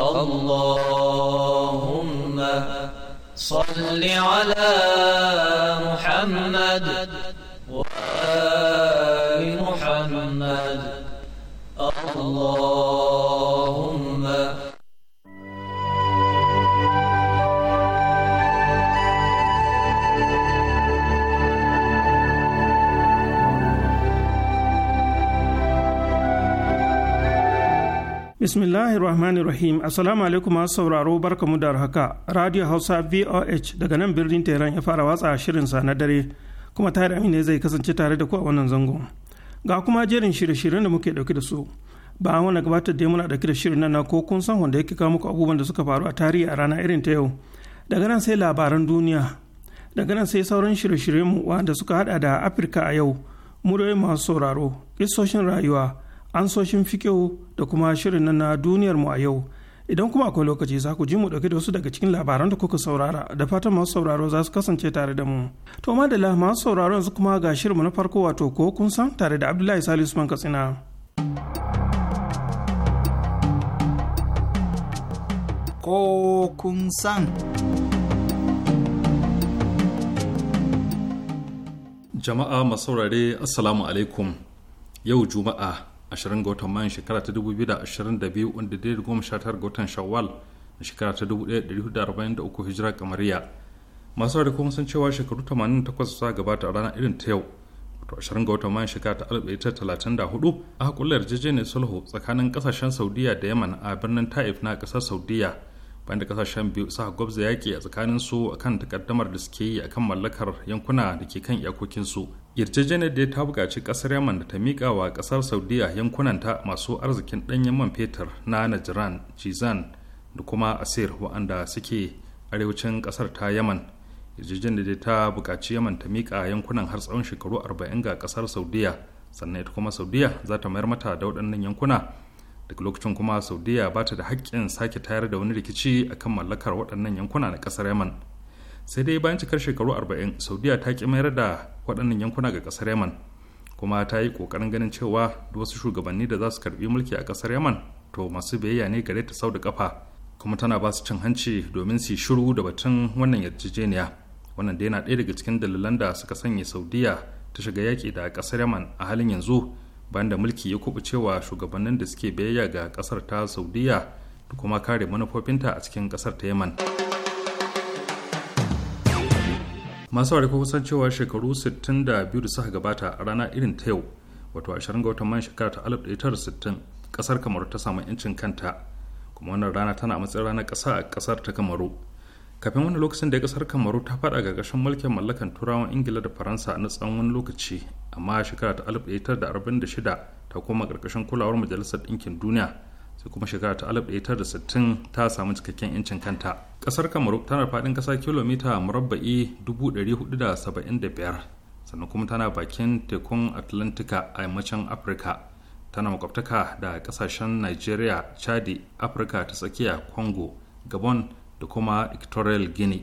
اللهم صل على محمد وآل محمد اللهم bismillahirrahmanirrahim rahmanir assalamu alaikum masu sauraro barka barkamu da haka radio hausa voh daga nan birnin tehran ya fara watsa sa na dare kuma tare ne zai kasance tare da ku a wannan zangon ga kuma jerin shirye-shiryen da muke dauke da su ba an wani gabatar da muna dauke da shirin nan ko kun san wanda yake kawo muku abubuwan da suka faru a tarihi a rana irin ta yau daga nan sai labaran duniya daga nan sai sauran shirye-shiryen mu wanda suka hada da afirka a yau muryoyin masu sauraro isoshin rayuwa ansoshin fikiyo da kuma shirin na duniyarmu a yau idan kuma akwai lokaci za ku ji mu dauke da wasu daga cikin labaran da kuka saurara da fatan masu sauraro za su kasance tare da mu to madalla masu sauraro yanzu kuma ga shirinmu na farko wato ko kun san tare da abdullahi salisu man katsina ko kun san jama'a masaurare assalamu alaikum yau juma'a 20 ga watan mayun shekara ta 2022 wanda da goma sha ga watan shawwal na shekara ta 1443 hijira kamariya masu da kuma sun cewa shekaru 88 sa gabata a ranar irin ta yau to 20 ga watan mayun shekara ta 1934 aka kulla yarjejeniyar sulhu tsakanin kasashen saudiya da yaman a birnin taif na kasar saudiya bayan da kasashen biyu suka gwabza yaƙi a tsakanin su akan takaddamar da suke yi akan mallakar yankuna da ke kan iyakokinsu yarjejeniyar da ta buƙaci kasar yaman da ta miƙa wa ƙasar saudiya yankunanta masu arzikin ɗanyen man fetur na najran jizan da kuma asir waɗanda suke arewacin ƙasar ta yaman yarjejeniyar da ta buƙaci yaman ta miƙa yankunan har tsawon shekaru arba'in ga ƙasar saudiya sannan ita kuma saudiya za ta mayar mata da waɗannan yankuna daga lokacin kuma saudiya ba ta da haƙƙin sake tayar da wani rikici akan mallakar waɗannan yankuna na ƙasar yaman sai dai bayan cikar shekaru 40 saudiya ta ƙi mayar da waɗannan yankuna ga ƙasar yaman kuma ta yi ƙoƙarin ganin cewa da wasu shugabanni da za su karɓi mulki a ƙasar yaman to masu biyayya ne gare ta sau da ƙafa kuma tana ba su cin hanci domin su yi shiru da batun wannan yarjejeniya wannan dai na ɗaya daga cikin dalilan da suka sanya saudiya ta shiga yaƙi da ƙasar yaman a halin yanzu bayan da mulki ya kubucewa shugabannin da suke biyayya ga ƙasar ta saudiya da kuma kare manufofinta a cikin ƙasar ta yaman. masu ware san cewa shekaru 62 da suka gabata a rana irin ta yau wato 20 ga watan shekara ta 1960 kasar kamaru ta samu yancin kanta kuma wannan rana tana matsayin ranar kasa a kasar ta kamaru kafin wani lokacin da kasar kamaru ta fada gashin mulkin mallakan turawan ingila da faransa na tsawon wani lokaci amma shekara ta 1946 ta koma karkashin kulawar majalisar ɗinkin duniya sai kuma shekara ta 1960 ta samu cikakken 'yancin kanta ƙasar kamaru tana faɗin ƙasa kilomita murabba'i 475 sannan kuma tana bakin tekun atlantika a yammacin afirka tana makwabtaka da ƙasashen nigeria chadi afirka ta tsakiya congo gabon da kuma equatorial guinea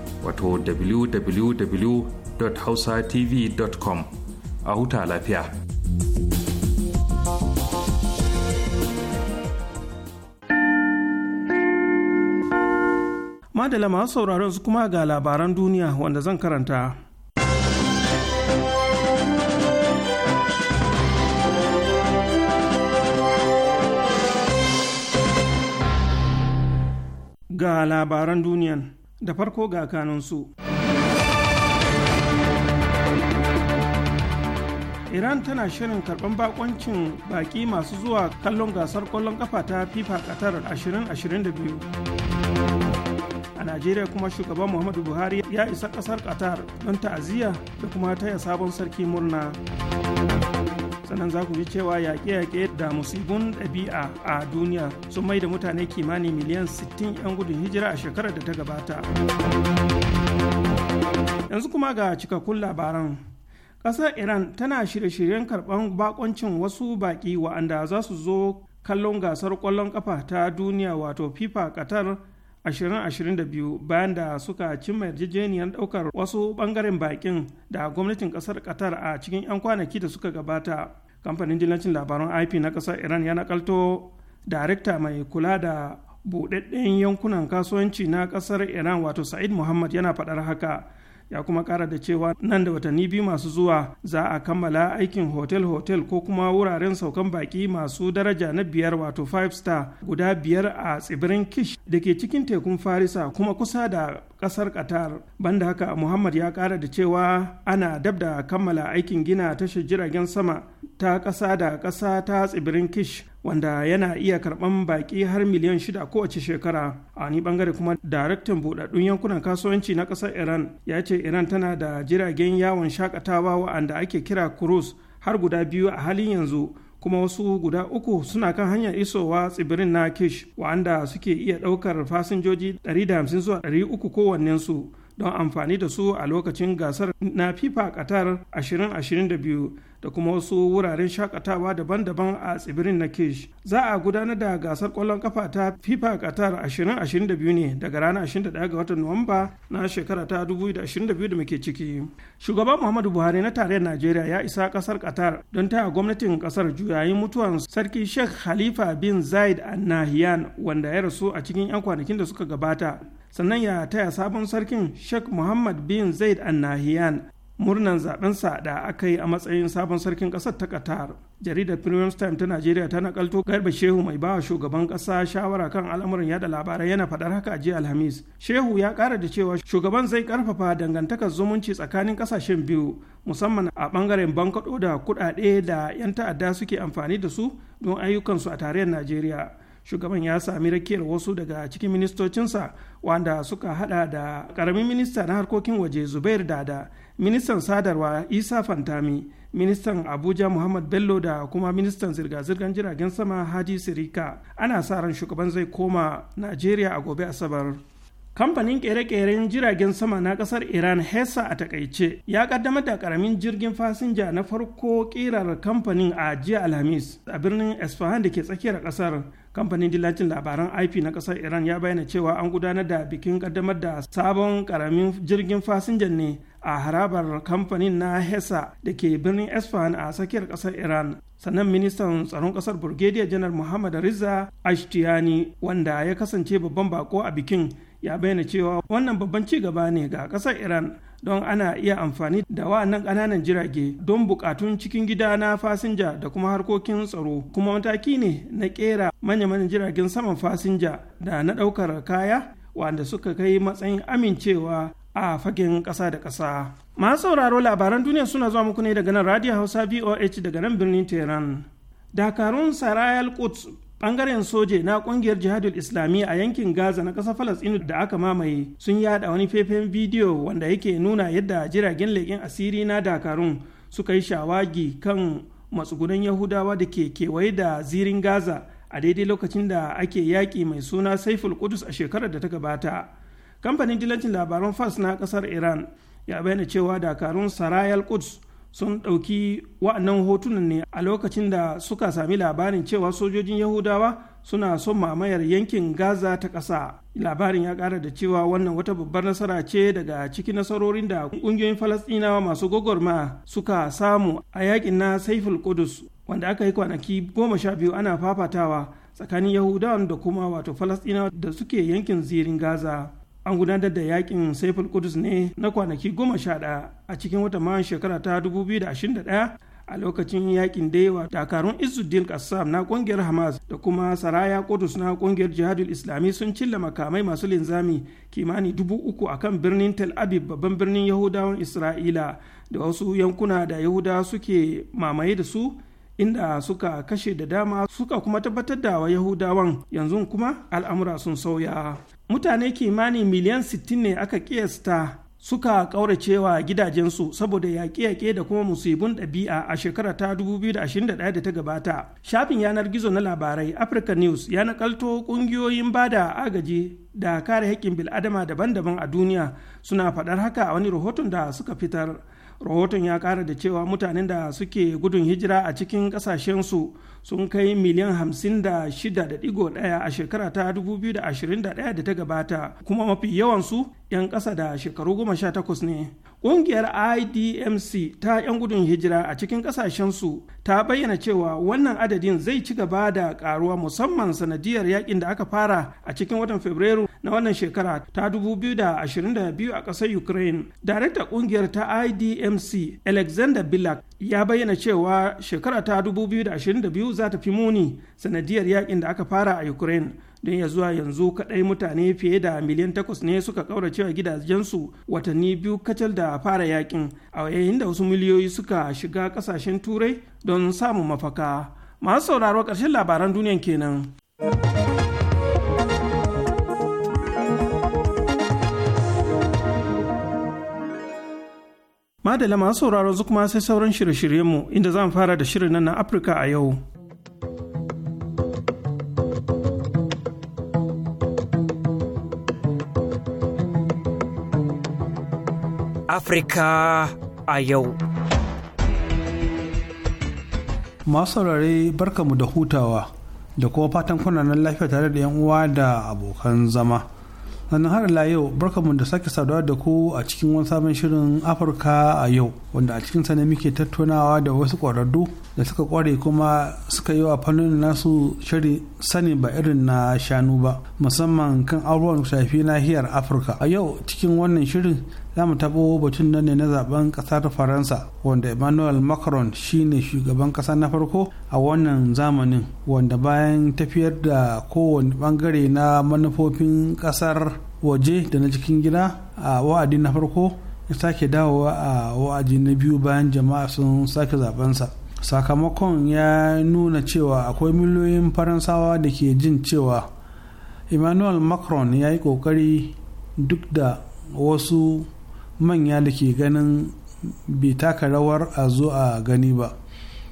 wato www.hausatv.com a huta lafiya. Madala masu sauraron su kuma ga labaran duniya wanda zan karanta. Ga labaran duniyan. da farko ga kanunsu. Iran tana shirin karɓar bakoncin baƙi masu zuwa kallon gasar ƙwallon ƙafa ta FIFA Qatar 2022. A Najeriya kuma shugaban Muhammadu Buhari ya isa ƙasar Qatar don ta'aziyya da kuma taya sabon sarki murna. sannan za ku ji cewa yaƙe-yaƙe da musibun ɗabi'a a duniya sun mai da mutane kimanin miliyan 60 'yan gudun hijira a shekarar da ta gabata yanzu kuma ga cikakkun labaran ƙasar iran tana shirye-shiryen karɓar bakoncin wasu baƙi wa'anda za su zo kallon gasar ƙwallon ƙafa ta duniya wato fifa qatar 2022 bayan da suka cimma yarjejeniyar daukar wasu bangaren bakin da gwamnatin kasar qatar a cikin 'yan kwanaki da suka gabata kamfanin dillancin labaran ip na kasar iran ya nakalto darekta mai kula da buɗaɗɗen yankunan kasuwanci na kasar iran wato sa'id muhammad yana faɗar haka ya kuma kara da cewa nan da watanni biyu masu zuwa za a kammala aikin hotel-hotel ko kuma wuraren saukan baki masu daraja na biyar wato 5 star guda biyar a tsibirin kish da ke cikin tekun farisa kuma kusa da kasar qatar banda haka muhammad ya kara da cewa ana dab da kammala aikin gina tashar jiragen sama ta ƙasa da ƙasa ta tsibirin kish wanda yana iya karɓan baƙi har miliyan shida kowace shekara a wani bangare kuma daraktan buɗaɗɗun yankunan kasuwanci na ƙasar iran ya ce iran tana da jiragen yawon shakatawa wa'anda ake kira cruise har guda biyu a halin yanzu kuma wasu guda uku suna kan hanyar isowa tsibirin na kish wa'anda suke iya ɗaukar fasinjoji 150 zuwa 300 kowannensu don amfani da su a lokacin gasar na fifa qatar 2022 da kuma wasu wuraren shakatawa daban-daban a tsibirin na kish za a gudanar da gasar kwallon kafa ta fifa qatar 2022 ne daga ranar 21 ga watan nuwamba na shekara ta 2022 da muke ciki shugaban muhammadu buhari na tarayyar najeriya ya isa kasar qatar don taya gwamnatin kasar juyayin mutuwan sarki sheikh khalifa bin zaid an nahyan wanda ya rasu a cikin 'yan kwanakin da suka gabata sannan ya taya sabon sarkin sheikh muhammad bin zaid an nahiyan murnan sa da aka yi a matsayin sabon sarkin ƙasar ta qatar jaridar premium time ta najeriya ta nakalto garba shehu mai bawa shugaban ƙasa shawara kan al'amuran yada labarai yana faɗar haka a jiya alhamis shehu ya kara da cewa shugaban zai ƙarfafa dangantakar zumunci tsakanin ƙasashen biyu musamman a ɓangaren bankaɗo da kuɗaɗe da 'yan ta'adda suke amfani da su don ayyukansu a tarayyar najeriya shugaban ya sami rakiyar wasu daga cikin ministocinsa wanda suka hada da karamin minista na harkokin waje zubair dada ministan sadarwa isa fantami ministan abuja muhammad bello da kuma ministan zirga-zirgar jiragen sama haji sirika ana sa ran shugaban zai koma najeriya a gobe asabar kamfanin kere-keren jiragen sama na kasar iran hesa a takaice ya kaddamar da karamin jirgin fasinja na farko kirar kamfanin a jiya alhamis a birnin isfahan da ke tsakiyar kasar kamfanin dillacin labaran ip na kasar iran ya bayyana cewa an gudanar da bikin kaddamar da sabon karamin jirgin fasinja ne a harabar kamfanin na hesa da ke birnin esfahan a tsakiyar kasar iran sannan ministan tsaron kasar burgediya janar muhammad riza ashtiyani wanda ya kasance babban bako a bikin ya bayyana cewa wannan babban ci gaba ne ga kasar iran don ana iya amfani da wa'annan ƙananan jirage don buƙatun cikin gida na fasinja da kuma harkokin tsaro kuma mataki ne na ƙera manya-manyan jiragen saman fasinja da na ɗaukar kaya wanda suka kai matsayin amincewa a fagen ƙasa da ƙasa. Masu sauraro labaran duniya suna zuwa muku ne daga nan Radio Hausa BOH daga nan birnin Tehran. Dakarun Sarayal Quds bangaren soje na kungiyar jihadul islami a yankin gaza na ƙasar falastinu da aka mamaye sun yada wani fefen bidiyo wanda yake nuna yadda jiragen leƙen asiri na dakarun suka yi shawagi kan matsugunan yahudawa da ke kewaye da zirin gaza a daidai lokacin da ake yaƙi mai suna saiful kudus a shekarar da ta gabata kamfanin dilancin labaran fars na kasar iran ya bayyana cewa dakarun sarayal quds sun ɗauki wa'annan hotunan ne a lokacin da suka sami labarin cewa sojojin yahudawa suna son mamayar yankin gaza ta ƙasa labarin ya ƙara da cewa wannan wata babbar nasara ce daga cikin nasarorin da ƙungiyoyin falasɗinawa masu gogorma suka samu a yakin na saiful kudus wanda aka yi kwanaki goma sha biyu ana fafatawa tsakanin yahudawan da kuma wato falasɗinawa da suke yankin zirin gaza an gudanar da yakin saiful kudus ne na kwanaki goma sha ɗaya a cikin wata mayan shekara ta 2021 a lokacin yakin yawa. dakarun izuddin kassam na kungiyar hamas da kuma saraya kudus na kungiyar jihadul islami sun cilla makamai masu linzami kimani dubu uku a kan birnin tel abib babban birnin yahudawan isra'ila da wasu yankuna da yahudawa suke mamaye da su inda suka kashe da dama suka kuma tabbatar da wa yahudawan yanzu kuma al'amura sun sauya mutane kimanin miliyan 60 ne aka kiyasta suka kauracewa gidajensu saboda yaƙe-yaƙe da kuma musibin ɗabi'a a shekara ta 2021 da ta gabata. Shafin yanar gizo na labarai Africa News ya nakalto ƙungiyoyin bada agaji da kare haƙƙin bil'adama daban-daban a duniya suna faɗar haka a wani rahoton da suka fitar. Rahoton ya ƙara da cewa mutanen da suke gudun hijira a cikin ƙasashensu sun kai miliyan 56.1 a shekara ta 2021 da ta gabata kuma mafi yawansu 'yan ƙasa da shekaru goma sha takwas ne ƙungiyar idmc ta 'yan gudun hijira a cikin ƙasashensu ta bayyana cewa wannan adadin zai ci gaba da ƙaruwa musamman sanadiyar yakin da aka fara a cikin watan fabrairu na wannan shekara ta 2022 a ƙasar ukraine darakta ƙungiyar ta idmc alexander bilak ya bayyana cewa shekara ta 2022 za ta fi muni sanadiyar yakin da aka fara a ukraine don ya zuwa yanzu kaɗai mutane fiye da miliyan takwas ne suka cewa gidajensu watanni biyu kacal da fara yakin a yayin da wasu miliyoyi suka shiga ƙasashen turai don samun mafaka masu sauraro ƙarshen labaran duniyan kenan. Madala masu sauraron zukuma sai sauran shirye-shiryenmu inda zan fara da shirin nan na Afirka a yau. Afirka a yau. Masu saurare barkamu da hutawa da kuma fatan nan lafiya tare da yan uwa da abokan zama. Sannan har la yau barkamu da sake saduwa da ku a cikin wani sabon shirin Afirka a yau wanda a cikin sa ne muke tattaunawa da wasu ƙwararru da suka ƙware kuma suka yi wa fannin nasu shiri sani ba irin na shanu ba musamman kan abubuwan shafi nahiyar Afirka. A yau cikin wannan shirin za mu tabo batun nan ne na zaben kasar faransa wanda emmanuel macron shine shugaban kasa na farko a wannan zamanin wanda bayan tafiyar da kowane bangare na manufofin kasar waje da na cikin gida a wa'adi na farko ya sake dawowa a wa'adi na biyu bayan jama'a sun sake zabensa sakamakon ya nuna cewa akwai miliyoyin faransawa da ke jin cewa emmanuel macron ya yi kokari duk da wasu manya da ke ganin bai taka rawar a zo a gani ba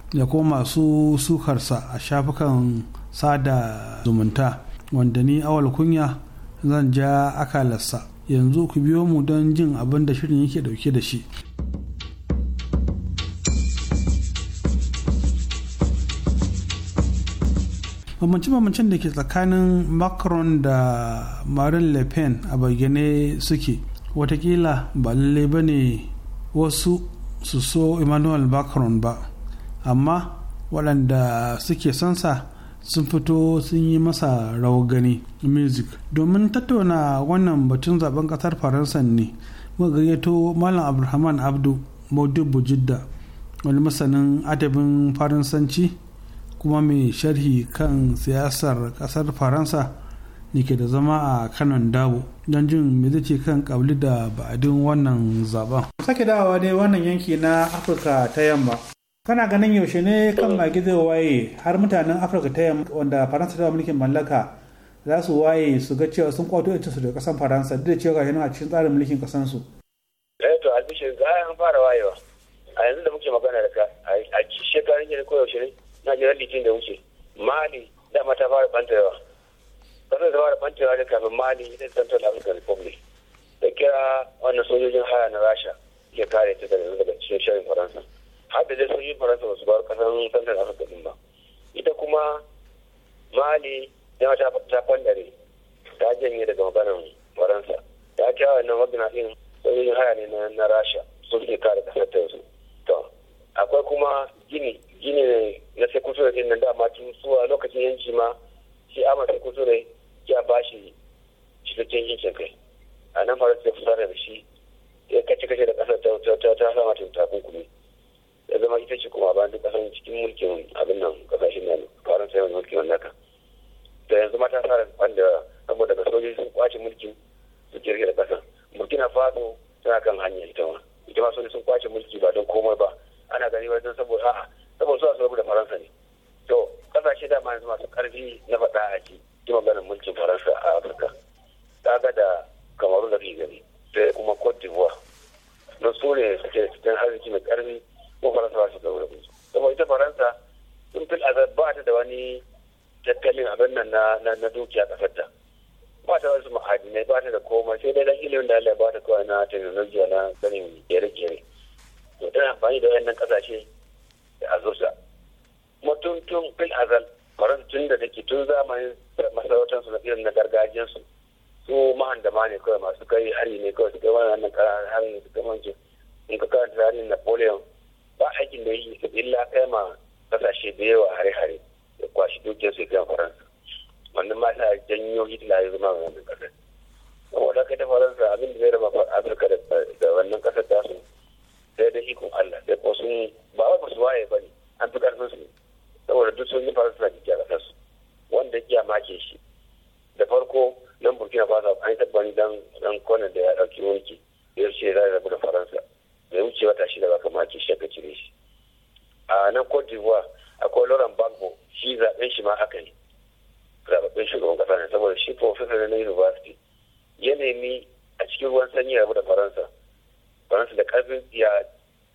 da ko masu sukarsa a shafukan sada zumunta wanda ni awal kunya zan ja akalarsa yanzu ku biyo mu don jin abin da shirin yake dauke da shi bambance-bambancen da ke tsakanin macron da marine le pen a bayyane suke watakila ba lallai ba ne wasu su so emmanuel macron ba amma waɗanda suke sansa sun fito sun yi masa rawar gani music domin tattauna wannan batun zaben ƙasar faransa ne muka gayyato malam abdulrahman abdu maudubu jidda wani masanin adabin faransanci kuma mai sharhi kan siyasar ƙasar faransa ne ke da zama a kanon dawo, don jin me zai ce kan kabli da ba'adin wannan zaben. sake dawowa dai wannan yanki na afirka ta yamma kana ganin yaushe ne kan magi zai waye har mutanen afirka ta yamma wanda faransa ta mulkin mallaka za su waye su ga cewa sun kwato ita su da kasan faransa duk da cewa ga yana a cikin tsarin mulkin kasan su. Eh to albishin za a fara wayewa a yanzu da muke magana da ka a shekarun yanzu ko yaushe ne na jiran litin da muke, mali dama ta fara bantarewa sannan zama da bantewa da kafin mali da central african republic da kira wannan sojojin haya na rasha ya kare ta daga daga cikin shirin faransa har da dai sojojin faransa ba su bar kasan central africa din ba ita kuma mali ya ta ta fandare ta janye daga maganan faransa ta kira wannan wagna din sojojin haya ne na rasha su ke kare kasar ta yanzu to akwai kuma gini gini na sai kusur da nan dama tun suwa lokacin yanci ma shi amma sai kusur gaskiya ba shi cikakken yancin kai a nan faransa ta fusara da shi ya kace kace da kasar ta ta ta ta sama ta takunkumi ya zama ita ce kuma ba duk kasar cikin mulkin abin nan kasashen nan faransa yawan mulkin wannan kan da yanzu ma ta fara wanda saboda daga sojoji sun kwace mulkin su kirge da kasar burkina faso tana kan hanya ita ma ita ma sojoji sun kwace mulki ba don komai ba ana gani wajen saboda a'a saboda su a da faransa ne to kasashe dama yanzu masu karfi na faɗa a ciki ta maganin mulkin faransa a afirka ta ga da kamaru da ke gani da kuma cote d'ivoire na su ne suke cikin harshe mai karfi ko faransa ba shi da wurin kuma ita faransa sun fi azab ba ta da wani tattalin abin nan na na dukiya kasar ta ba ta wasu ma'adinai ba ta da komai sai dai dan ilimin da Allah ba ta kawai na technology na sanin kere-kere to tana amfani da wayannan kasashe da azurta mutum tun fil azal faran tun da take tun zamanin masarautar su na irin na gargajiyar su su mahandama ne kawai masu kai hari ne kawai su kai wani hannun karanar hari su kai mancin in ka karanta tarihin napoleon ba aikin da yake illa kai ma kasashe da yawa hare-hare da kwashi dukiyar su kan faransa wannan ma ta janyo hitler ya zama wannan kasar saboda kai ta faransa abin da zai raba afirka da wannan kasar ta su sai da ikon allah sai ko sun ba wa ba su waye ba ne an fi karfin su saboda duk sun yi faransa da a kasar su wanda ya make shi da farko nan burkina faso an tabbani dan dan kone da ya dauki mulki ya ce za ya rabu da faransa da wuce wata shida ba kama ke shi aka cire shi a nan cote d'ivoire akwai laurent gbagbo shi zaɓen shi ma aka yi zaɓaɓɓen shugaban ƙasa ne saboda shi professor na university ya nemi a cikin ruwan sanyi rabu da faransa faransa da ƙarfin ya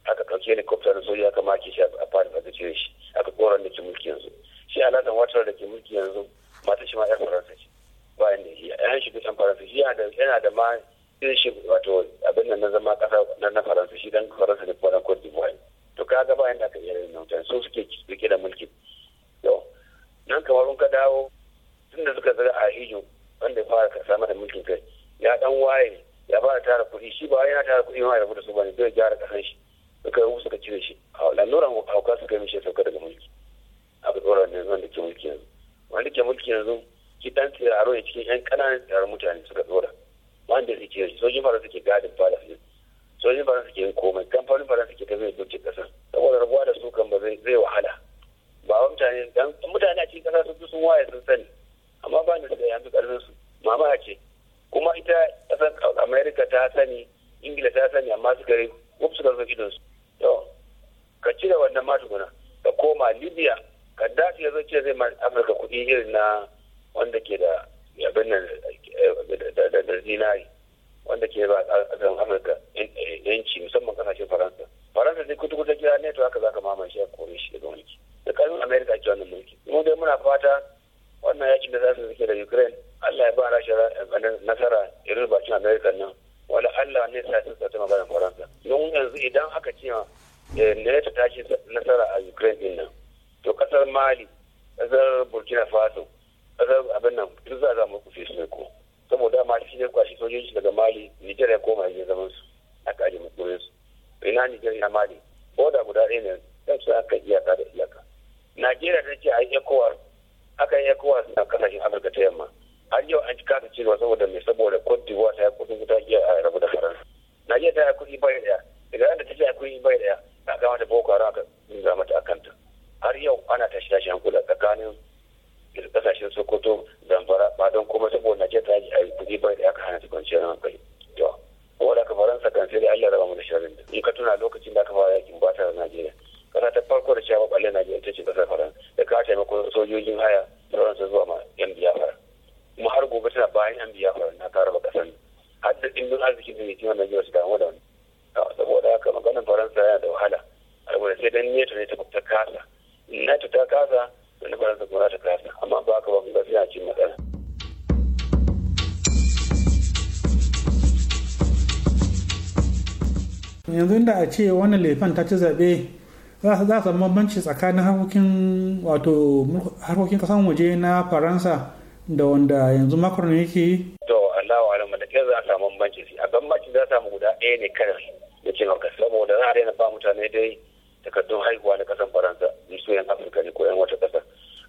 aka ɗauki helicopter na soja aka maki shi a paris aka cire shi aka koran da ke mulki yanzu shi alasan watar da ke mulki yanzu mata shi ma yan faransa ce ba yanda yan shiga bisan faransa shi yana da ma irin shi wato abin nan na zama kasa na na faransa shi dan faransa ne kwanan cote d'ivoire to ka ga ba yanda aka yi yin nan so suke rike da mulki yau nan kamar ka dawo tun da suka zara a hijo wanda ya fara samar da mulkin kai ya dan waye ya fara tara kuɗi shi ba ya tara kuɗi ma ya rabu da su ne zai gyara kasan shi suka yi suka cire shi a laluran hauka suka yi mishi sauka daga mulki a bukawar da zuwan da ke mulki yanzu wanda ke mulki yanzu ki dan tsiraro ne cikin yan ƙananan tsirar mutane suka tsora wanda cire shi. sojin faransa ke gadin palace sojin faransa ke yin komai kamfanin faransa ke ta zai dokin ƙasar saboda rabuwa da su kan ba zai wahala ba wa mutane dan mutane a cikin kasa sun sun waye sun sani amma ba ni da yanzu karfin su mama ce kuma ita kasar amerika ta sani ingila ta sani amma suka rai wuf suka zo gidansu ka cire wannan matukuna ka koma libya ka dace ya ce zai ma amurka kuɗi irin na wanda ke da abin nan eh, da zinari wanda ke ba tsarin amurka eh, yanci musamman kasashen faransa faransa zai kutukuta kuta kira neto haka ka mamaye a kore shi daga mulki da ƙarfin amerika ke wannan mulki mu dai muna fata wannan yakin da za su suke da ukraine allah ya ba rasha eh, nasara irin bakin amerika nan wala allah ne sa sun sa ta magana faransa don yanzu idan aka ce Eh, da ta tashi nasara a ukraine din nan to kasar mali kasar burkina faso kasar abin nan duk za a zama kufe su ko saboda ma shi ne kwashi sojoji daga mali niger ya koma yake zaman su aka aje mutumin su ina niger na mali boda guda ɗaya ne kan su aka iyaka da iyaka najeriya ta ce a yi ekowar aka yi ekowar na kasashen afirka ta yamma har yau an kasa cewa saboda mai saboda cote d'ivoire ta yi kudin wuta a rabu da faransa najeriya ta yi kudi bai daya daga da ta ce a kudi bai daya na gama da boko haram aka za mata kanta. har yau ana tashi tashi hankula tsakanin kasashen sokoto zamfara ba don kuma saboda na ce ta yi a kuɗi bai da aka hana su kwanciyar hankali to wanda ka faransa kan sai da allah raba mu da sharrin da in ka tuna lokacin da aka fara yakin bata da najeriya kasa ta farko da shafa ɓalle najeriya ta ce kasar faransa da ka taimako sojojin haya da faransa zuwa ma yan biyafar. kuma har gobe tana bayan yan biyafar na karaba kasar har da ɗimbin arziki da ke cikin najeriya su damu da wani saboda haka maganin faransa yana da wahala saboda sai dan neto ne ta kasa neto ta kasa ni faransa kuma ta kasa amma ba ka ba kun gaskiya a cikin matsala. yanzu da a ce wannan laifin ta ci zaɓe za su banci tsakanin harkokin wato harkokin kasan waje na faransa da wanda yanzu makon yake yi to allahu alamu da za a samu banci a bambanci za a samu guda ɗaya ne karar cikin kai saboda za a daina ba mutane dai takardun haihuwa na kasan faransa ni su yan afirka ne ko yan wata kasa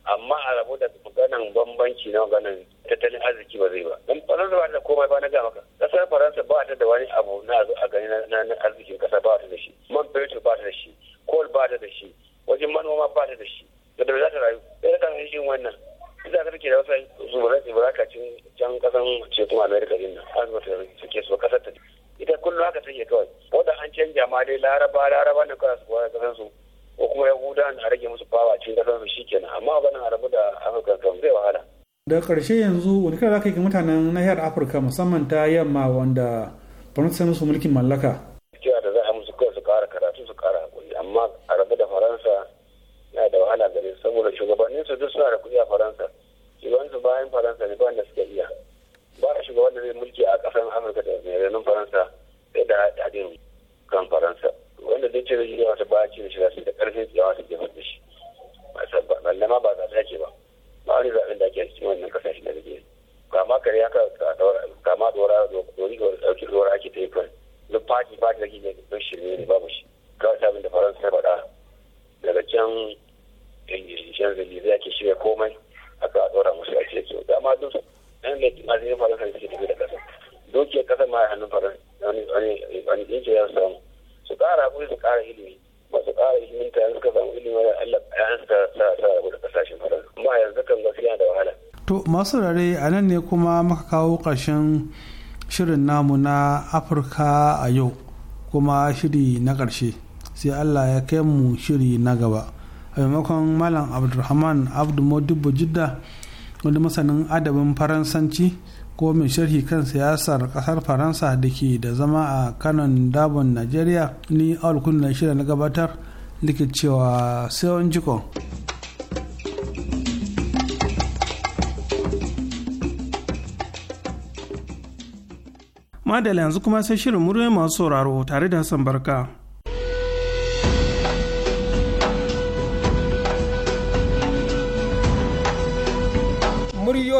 amma a rabu da maganan bambanci na maganan tattalin arziki ba zai ba don faransa ba da komai ba na ga maka kasar faransa ba ta da wani abu na zo a gani na arzikin kasa ba ta da shi man fetur ba ta da shi kol ba ta da shi wajen manoma ba ta da shi da da za ta rayu sai da kan shi wannan za ka rike da wasu zubarai tsibirakacin can kasan ce kuma amerika din nan azuba ta suke su kasar ta ita kullum haka take kawai ko da an canja ma dai laraba laraba na kawai su kawai kasan su ko kuma yahuda na rage musu fawa cikin kasan su shikenan amma ba nan rabu da afirka kam zai wahala da karshe yanzu wani kira za ka yi ga mutanen nahiyar afirka musamman ta yamma wanda faransa musu mulkin mallaka cewa da za a musu kawai su kara karatu su kara hakuri amma arabu da faransa na da wahala gare saboda shugabannin shugabanninsu duk suna da kuɗi a faransa su bayan faransa ne ba da suka iya ba a shiga wanda zai mulki a ƙasar amurka da mai faransa sai da haɗin kan faransa wanda zai ce da shi wata ba ce da shi da karfe tsayawa wata jefa da shi balle ma ba zaɓe ake ba ba wani zaɓen da ake cikin wannan ƙasashe da zai kama kare ya kama dora dori ga ɗauki dora ake ta yi kan duk fati fati da ke da shi ne mu shi kawai sabin da faransa ya faɗa daga can ingilishin zai ake shirya komai aka ɗora musu a ce kyau dama duk nan da masu faransa suke tafi da ƙasa dukiyar ƙasa ma hannun faransa wani ya samu su ƙara hakuri su ƙara ilimi ba su ƙara ilimin ta suka samu ilimi wani allah ya suka sa sa rabu da ƙasashen faransa amma yanzu kan gaskiya da wahala. to masu rare a nan ne kuma muka kawo ƙarshen shirin namu na afirka a yau kuma shiri na ƙarshe sai allah ya kai mu shiri na gaba a maimakon malam abdulrahman abdu modibo jidda wani masanin adabin faransanci ko mai sharhi kan siyasar kasar faransa da ke da zama a kanon dabon nigeria ni awal na shida na gabatar likit cewa sayon jiko madala yanzu kuma sai shirin muryoyi masu sauraro tare da hassan barka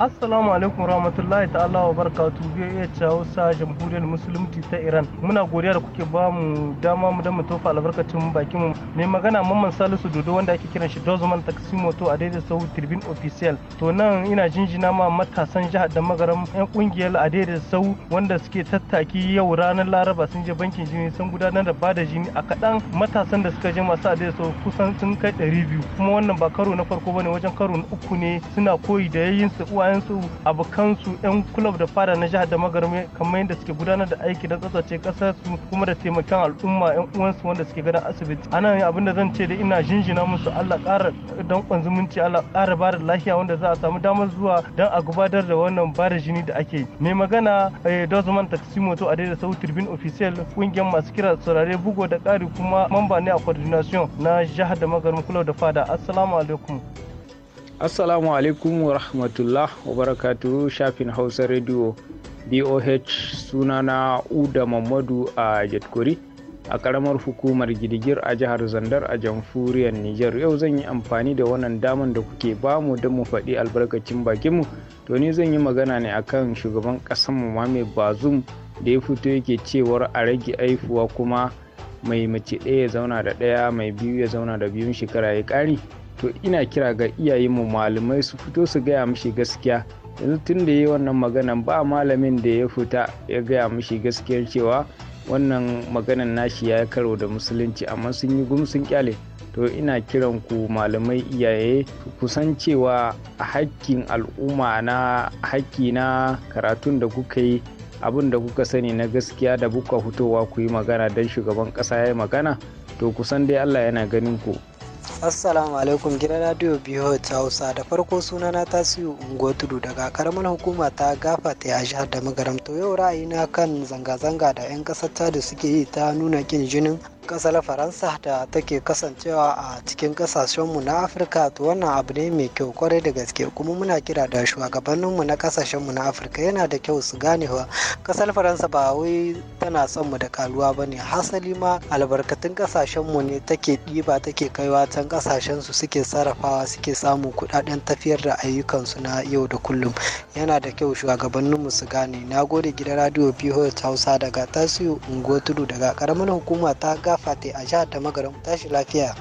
Assalamu alaikum rahmatullahi ta'ala wa barakatu biyu iya cawo sa jamhuriyar musulunci ta Iran. Muna godiya da kuke ba mu dama mu da mu tofa albarkacin bakin mu. Mai magana Mamman Salisu Dodo wanda ake kiran shi Dozman moto a daidai sau Tribune Official. To nan ina jinjina ma matasan jihar da magaram yan kungiyar a daidai sau wanda suke tattaki yau ranar Laraba sun je bankin jini sun gudanar da bada jini a kaɗan matasan da suka je masu a daidai sau kusan sun kai ɗari biyu. Kuma wannan ba karo na farko bane wajen karo na uku ne suna koyi da yayin su su abokansu 'yan kulob da fada na jihar da magarme kamar yadda suke gudanar da aiki na tsatsace kasar su kuma da taimakon al'umma 'yan uwansu wanda suke gadon asibiti yin abin da zan ce da ina jinjina musu Allah ƙara danƙon zumunci Allah ƙara ba da lafiya wanda za a samu damar zuwa don a gudanar da wannan ba da jini da ake mai magana eh, Dozman moto a daidai sau Tribune Official kungiyar masu kira saurare bugo da kari kuma mamba ne a coordination na jihar da magarme kulab da fada assalamu alaikum assalamu alaikum wa rahmatullah wa barakatu shafin hausa radio boh sunana uda mamadu a jatkori a karamar hukumar gidigir a jihar zandar a jamhuriyar niger yau zan yi amfani da wannan daman da kuke bamu don mu faɗi albarkacin bakinmu to ni zan yi magana ne akan shugaban ƙasarmu mame bazum da ya fito yake cewar a rage aifuwa kuma mai mace ɗaya ya zauna da ɗaya mai biyu ya zauna da biyun shekara ya ƙari to ina kira ga iyayenmu malamai su fito su gaya mishi gaskiya yanzu tun da yi wannan maganan ba malamin da ya fita ya gaya mishi gaskiyar cewa wannan maganan nashi ya karo da musulunci amma sun yi gumsun kyale to ina kiran ku malamai iyaye kusan cewa a hakkin al'umma na hakki na karatun da kuka yi abin da kuka sani na gaskiya da buka fitowa ku yi magana don shugaban ƙasa ya yi magana to kusan dai allah yana ganin ku Assalamu alaikum gidan radio bihot Hausa da farko sunana na tasiu unguwa tudu daga karamar hukuma ta gafa ta a jihar da magaram to yau ra'ayina kan zanga-zanga da 'yan kasar da suke yi ta nuna ƙin jinin kasar faransa da take kasancewa a cikin kasashenmu na afirka to wannan abu ne mai kyau kwarai da gaske kuma muna kira da shugabanninmu na kasashenmu na afirka yana da kyau su gane wa? kasar faransa ba wai tana son mu da kaluwa ba ne hasali ma albarkatun kasashenmu ne take ɗiba take kaiwa can kasashensu suke sarrafawa suke samun kuɗaɗen tafiyar da ayyukansu na yau da kullum yana da kyau shugabanninmu su gane na gode gidan radio ph hausa daga tasiu unguwa tudu daga karamar hukuma ta gaf fate a jihar da magaram tashi lafiya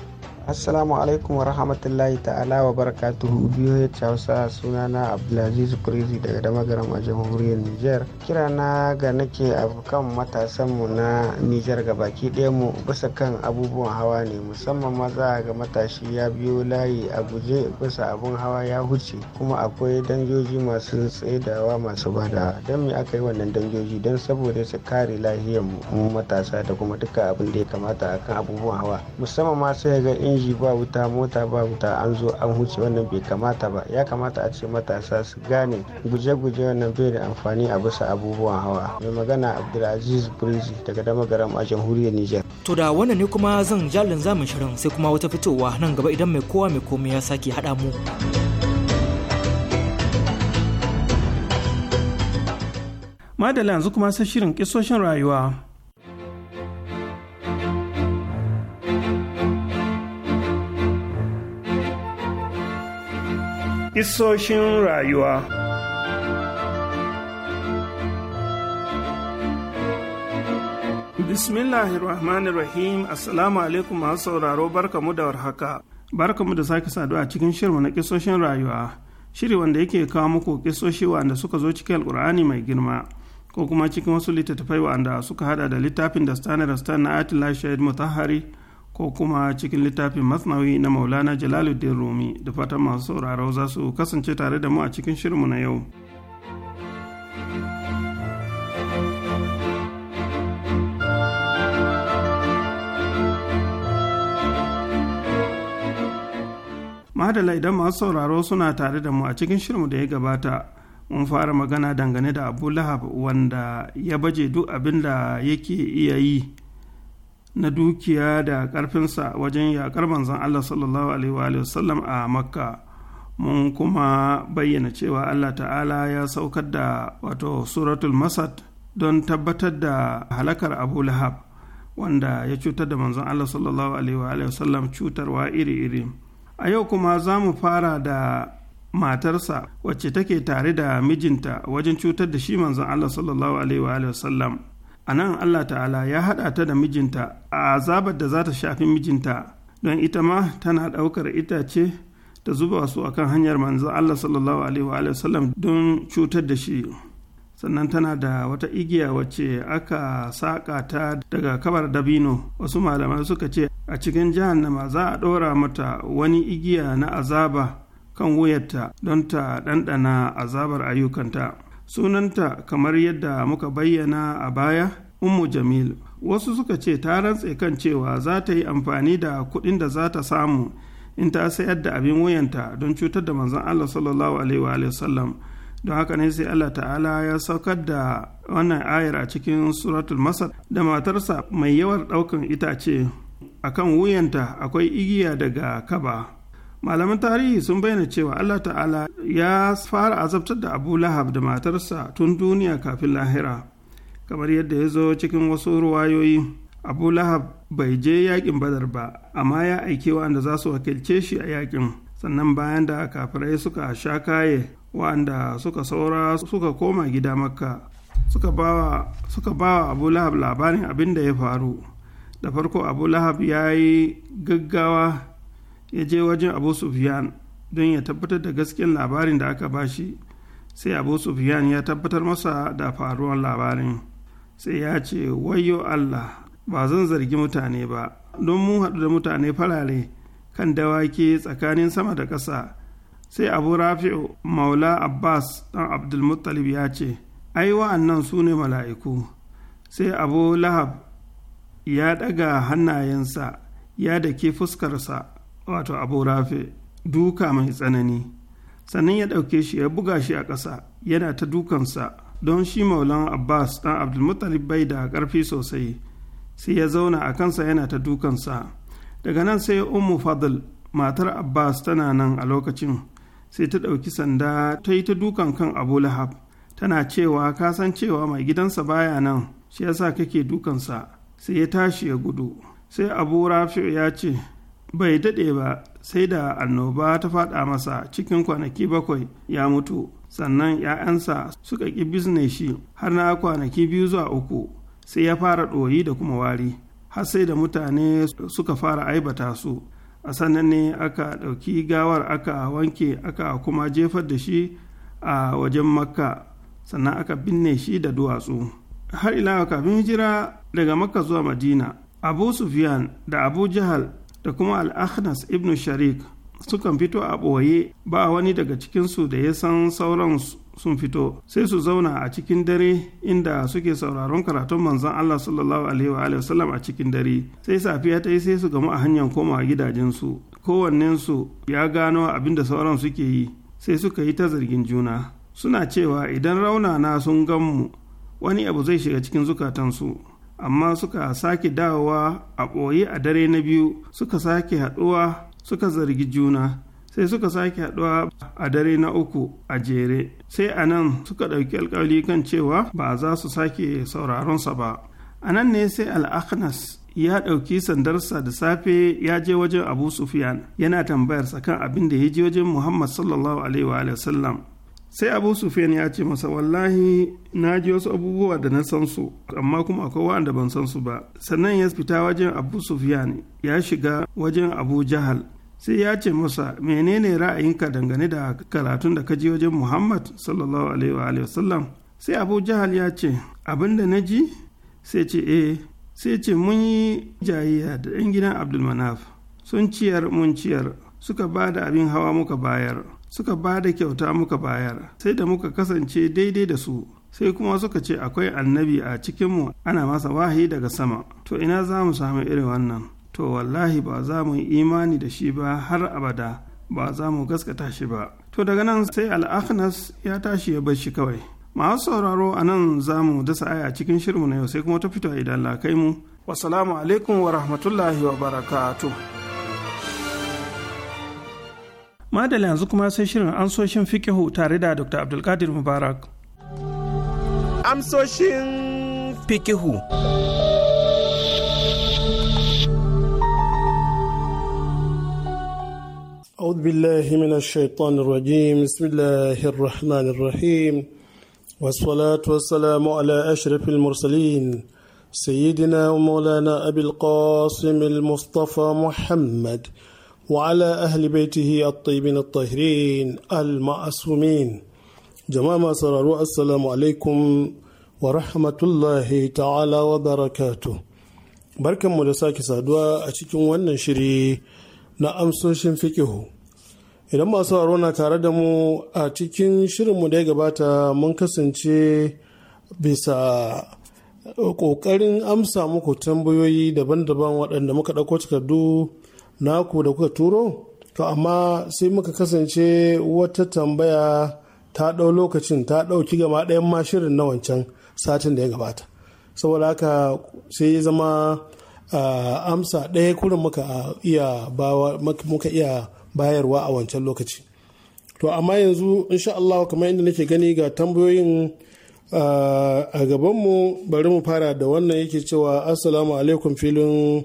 assalamu alaikum wa rahmatullahi ta'ala wa barakatuhu biyu ya hausa suna na abdulaziz kurizi daga damagaram a jamhuriyar nijar kira na ga nake matasan matasanmu na nijar ga baki ɗaya mu bisa kan abubuwan hawa ne musamman maza ga matashi ya biyo layi a guje bisa abun hawa ya huce kuma akwai danjoji masu tsaidawa masu bada don me aka yi wannan danjoji don saboda su kare lahiyar mu matasa da kuma duka abin da ya kamata akan abubuwan hawa musamman ma sai ga in miji ba wuta mota ba wuta an zo an huce wannan bai kamata ba ya kamata a ce matasa su gane guje-guje wannan bai da amfani a bisa abubuwan hawa mai magana abdulaziz burji daga dama damagaram a jamhuriyar niger to da wannan ne kuma zan jalin zamin shirin sai kuma wata fitowa nan gaba idan mai kowa mai komai ya sake haɗa mu madalla yanzu kuma sai shirin kisoshin rayuwa Isoshin rayuwa Bismillahirrahmanirrahim Assalamu alaikum masu sauraro barkamu da warhaka. Barkamu da sake saduwa a cikin shirma na kisoshin rayuwa, shiri wanda yake kawo muku kisoshi wanda suka zo cikin alkur'ani mai girma, ko kuma cikin wasu littattafai wanda suka hada da littafin da Stanley na Atila Shahid Mutahari ko kuma cikin littafin masnawi na maulana jalaluddin rumi da fatan masu sauraro za su kasance tare da mu a cikin shirinmu na yau madala idan masu sauraro suna tare da mu a cikin shirinmu da ya gabata mun fara magana dangane da abu lahab wanda ya baje duk abin da yake iya yi na dukiya da ƙarfinsa wajen yaƙar manzon Allah sallallahu alaihi wasallam a makka mun kuma bayyana cewa Allah ta'ala ya saukar da wato suratul masad don tabbatar da halakar abu lahab wanda ya cutar da manzon Allah sallallahu alaihi wasallam cutarwa iri-iri a yau kuma za mu fara da matarsa wacce take tare da mijinta wajen cutar da shi manzon Allah sallallahu alaihi wasallam a nan allah ta'ala ya haɗa ta da mijinta a azabar da za ta shafi mijinta don ita ma tana ɗaukar itace ta zuba su kan hanyar manzan allah sallallahu alaihi wa sallam don cutar da shi sannan tana da wata igiya wacce aka saƙa ta daga kabar dabino wasu malamai suka ce a cikin jahannama za a ɗora mata wani igiya na azaba kan wuyarta don ta ɗanɗana azabar ayyukanta sunanta kamar yadda muka bayyana a baya ummu jamil wasu suka ce ta rantse kan cewa za ta yi amfani da kuɗin da za ta samu in ta sayar da abin wuyanta don cutar da manzon allah sallallahu alaihi wa sallam don haka ne sai Allah ta'ala ya saukar da wannan ayar a cikin suratul masar da matarsa mai yawar ɗaukan itace akan wuyanta akwai igiya daga kaba malaman tarihi sun bayyana cewa allah ta'ala ya fara azabtar da abu lahab da matarsa tun duniya kafin lahira kamar yadda ya zo cikin wasu ruwayoyi abu lahab bai je yakin badar ba amma ya aike wa'anda za su wakilce shi a yakin sannan bayan da kafirai suka sha kaye wa'anda suka saura suka koma gida makka suka bawa wa abu lahab labarin abin da ya faru da farko abu lahab ya yi gaggawa ya je wajen abu sufyan don ya tabbatar da gasken labarin da aka ba shi, sai abu sufyan ya tabbatar masa da faruwar labarin sai ya ce wayo allah ba zan zargi mutane ba don mun haɗu da mutane farare kan dawaki tsakanin sama da ƙasa sai abu rafi'u maula abbas ɗan abdulmuttalib ya ce ai wa'annan su ne mala'iku sai abu lahab ya ɗaga hannayensa ya dake fuskarsa wato abu rafe duka mai tsanani sannan ya ɗauke shi ya buga shi a ƙasa yana ta dukansa don shi maulan abbas ɗan abdulmuttalib bai da ƙarfi sosai sai ya zauna a kansa yana ta dukansa daga nan sai ummu fadl matar abbas tana nan a lokacin sai ta ɗauki sanda ta yi ta dukan kan abu lahab tana cewa ka san cewa mai gidansa baya nan shi yasa kake dukansa sai ya tashi ya gudu sai abu rafi ya ce bai daɗe ba sai da annoba ta faɗa masa cikin kwanaki bakwai ya mutu sannan 'ya'yansa suka ƙi bizne shi har na kwanaki biyu zuwa uku sai ya fara ɗoyi da kuma wari har sai da mutane suka fara aibata su a sannan ne aka ɗauki gawar aka wanke aka kuma jefar da shi a wajen makka sannan aka binne shi da duwatsu har ila kafin jira daga makka zuwa madina abu sufyan da abu jihal da kuma al'ahnas ibn sharik sukan fito a ɓoye ba wani daga cikinsu da ya san sauran sun fito sai su zauna a cikin dare inda suke sauraron karatun manzon Allah sallallahu alaihi wa sallam a cikin dare sai safiya ta yi sai su gamu a hanyar komawa gidajensu kowannensu ya gano abin da sauran suke yi sai suka yi ta zargin juna suna cewa idan raunana sun gan mu wani abu zai shiga cikin zukatansu amma suka sake dawowa a ɓoye a dare na biyu suka sake haɗuwa suka zargi juna sai suka sake haɗuwa a dare na uku a jere sai a nan suka ɗauki alkawali kan cewa ba za su sake sauraronsa ba a nan ne sai al'aknas ya ɗauki sandarsa da safe ya je wajen abu sufyan yana tambayarsa kan abin da ya je wajen muhammad sallallahu alaihi wa sallam sai abu sufiyan ya ce masa wallahi na ji wasu abubuwa da na san su amma kuma akwai wanda ban san su ba sannan ya fita wajen abu sufiyan ya shiga wajen abu jahal sai ya ce masa menene ra'ayinka dangane da karatun da ka ji wajen muhammad sallallahu alaihi wa sallam sai abu jahal ya ce abin da na ji sai ce eh sai ce mun yi jayayya da 'yan gidan abdulmanaf sun ciyar mun ciyar suka ba da abin hawa muka bayar suka ba da kyauta muka bayar sai da muka kasance daidai da su sai kuma suka ce akwai annabi a cikinmu ana masa wahayi daga sama to ina za mu samu irin wannan to wallahi ba za mu yi imani da shi ba har abada ba za mu gaskata shi ba to daga nan sai al'afinas ya tashi ya bar shi kawai masu sauraro a nan za mu dasa aya a cikin shirmu na yau sai kuma ta fito idan lakai mu wasalamu alaikum wa rahmatullahi wa barakatuh Madalla yanzu kuma sai shirin amsoshin fikihu tare da dr abdulkadir mubarak amsoshin fikihu أعوذ بالله من الشيطان الرجيم بسم الله الرحمن الرحيم والصلاة والسلام على أشرف المرسلين سيدنا ومولانا أبي القاسم المصطفى محمد وعلى أهل بيته الطيبين الطاهرين المعصومين جماعة سرارو السلام عليكم ورحمة الله تعالى وبركاته barkan mu da sake saduwa a cikin wannan shiri na amsoshin fikihu idan masu sauraro na tare da mu a cikin shirinmu da ya gabata mun kasance bisa ƙoƙarin amsa muku tambayoyi daban-daban waɗanda muka ɗauko takardu naku da kuka turo to amma sai muka kasance wata tambaya ta ɗau lokacin ta ɗauki gaba ɗayan ma na wancan satin da ya gabata saboda haka sai ya zama amsa ɗaya kurin muka iya muka iya bayarwa a wancan lokaci to amma yanzu insha Allah kamar inda nake gani ga tambayoyin a gabanmu bari mu fara da wannan yake cewa assalamu alaikum filin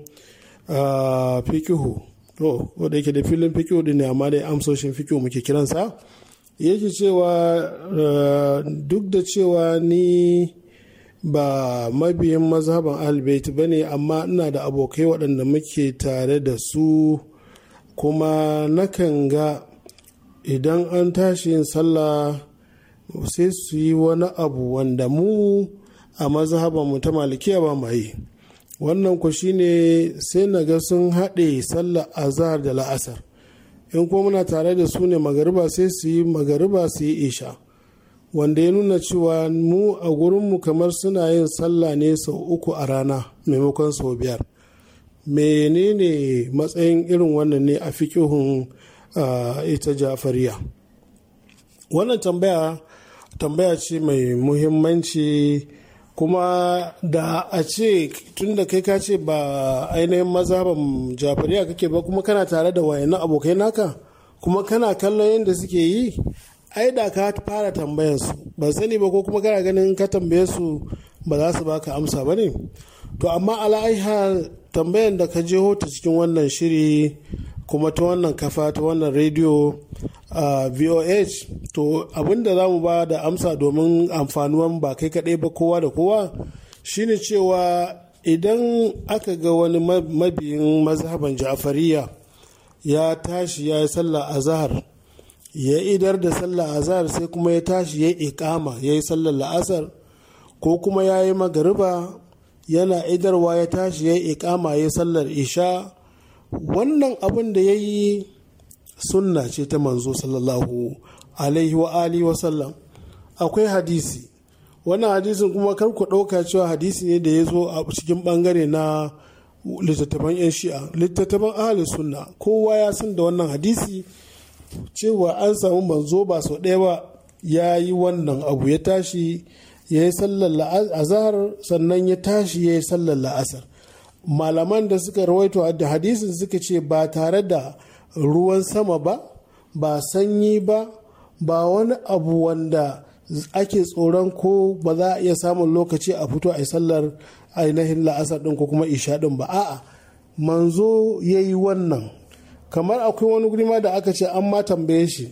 fikihu to wadda yake da filin fikihu din ne amma dai amsoshin fikihu muke kiransa yake cewa duk da cewa ni ba mabiyin mazhaban albait ba ne amma ina da abokai waɗanda muke tare da su kuma nakan ga idan an tashi yin sallah sai su yi wani abu wanda mu a mazhaban mu ta malikiya ba mu yi wannan ku shine sai na ga sun haɗe sallar azahar da la'asar in kuma muna tare da su ne magariba sai su yi magariba su yi isha wanda ya nuna cewa mu a gurinmu kamar suna yin sallah ne sau uku a rana maimakon sau biyar menene matsayin irin wannan ne a fikihun ita jafariya wannan tambaya ce mai muhimmanci kuma da a ce tun da kai ka ce ba ainihin mazhaban jafariya kake ba kuma kana tare da wayannan abokai naka kuma kana kallon yadda suke yi ai da ka fara tambayan su ban sani ba ko kuma kana ganin ka tambaye su ba za su baka amsa ba ne to amma ala'aiha tambayan da ka jeho ta cikin wannan shiri kuma ta wannan kafa ta wannan rediyo a voh to abinda za mu ba da amsa domin amfanuwan ba kai kaɗai ba kowa da kowa shine cewa idan aka ga wani mabiyin mazhaban ja'fariya ya tashi ya yi sallah azahar ya idar da sallah azahar sai kuma ya tashi ya ikama ya yi sallar la'asar ko kuma ya yi magariba yana idarwa ya tashi ya ikama ya sallar isha wannan abin da ya yi sunna ce ta manzo sallallahu alaihi wa alihi wasallam akwai hadisi wannan hadisin kuma kar ku ɗauka cewa hadisi ne da ya zo a cikin bangare na littattafan 'yan shi'a littattafan ahalin sunna kowa ya san da wannan hadisi cewa an samu manzo ba sau ɗaya ba ya yi wannan abu ya tashi ya yi sallar azahar sannan ya tashi ya yi sallar la'asar malaman da suka rawaito da hadisin suka ce ba tare da ruwan sama ba ba sanyi ba ba wani abu wanda ake tsoron ko ba za a iya samun lokaci a fito a sallar ainihin la'asar din ko kuma isha din ba a'a manzo ya yi wannan kamar akwai wani guri ma da aka ce an ma tambaye shi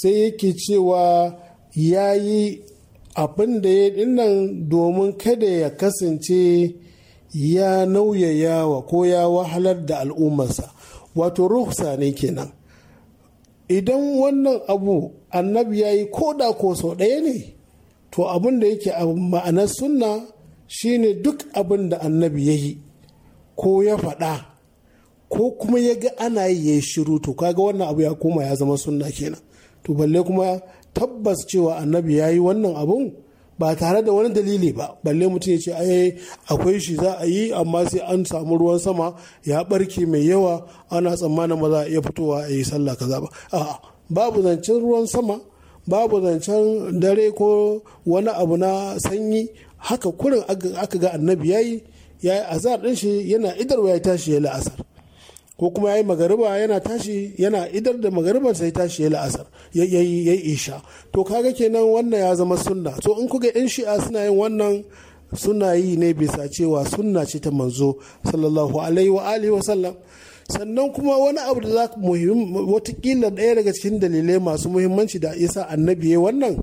sai yake cewa ya yi abin da ya dinnan domin kada ya kasance ya nauyayawa ko ya wahalar da al'ummarsa wato ruhsa ne kenan idan wannan abu annabi ya yi koda ko sau ɗaya ne to abin da yake a ma'anar sunna shine duk abin da annabi ya yi ko ya faɗa ko kuma ya ga ana yi ya shiru to kaga wannan abu ya koma ya zama sunna kenan to balle kuma tabbas cewa annabi ya yi wannan abun ba tare da wani dalili ba balle mutum ya ce ai akwai shi za a yi amma sai an samu ruwan sama ya barke mai yawa ana tsammanin ba za a iya fitowa a yi sallah kaza ba a'a babu zancen ruwan sama babu zancen dare ko wani abu na sanyi haka kurin aka ga annabi ya yayi yi azar din shi yana idarwa ya tashi ya la'asar ko kuma ya yi magariba yana tashi yana idar da magaribar sai tashi ya la'asar ya yi isha to kaga kenan wannan ya zama sunna to in kuga yan shi'a suna yin wannan suna yi ne bisa cewa sunna ce ta manzo sallallahu alaihi wa alihi wa sallam sannan kuma wani abu da za watakila ɗaya daga cikin dalilai masu muhimmanci da isa annabi ya wannan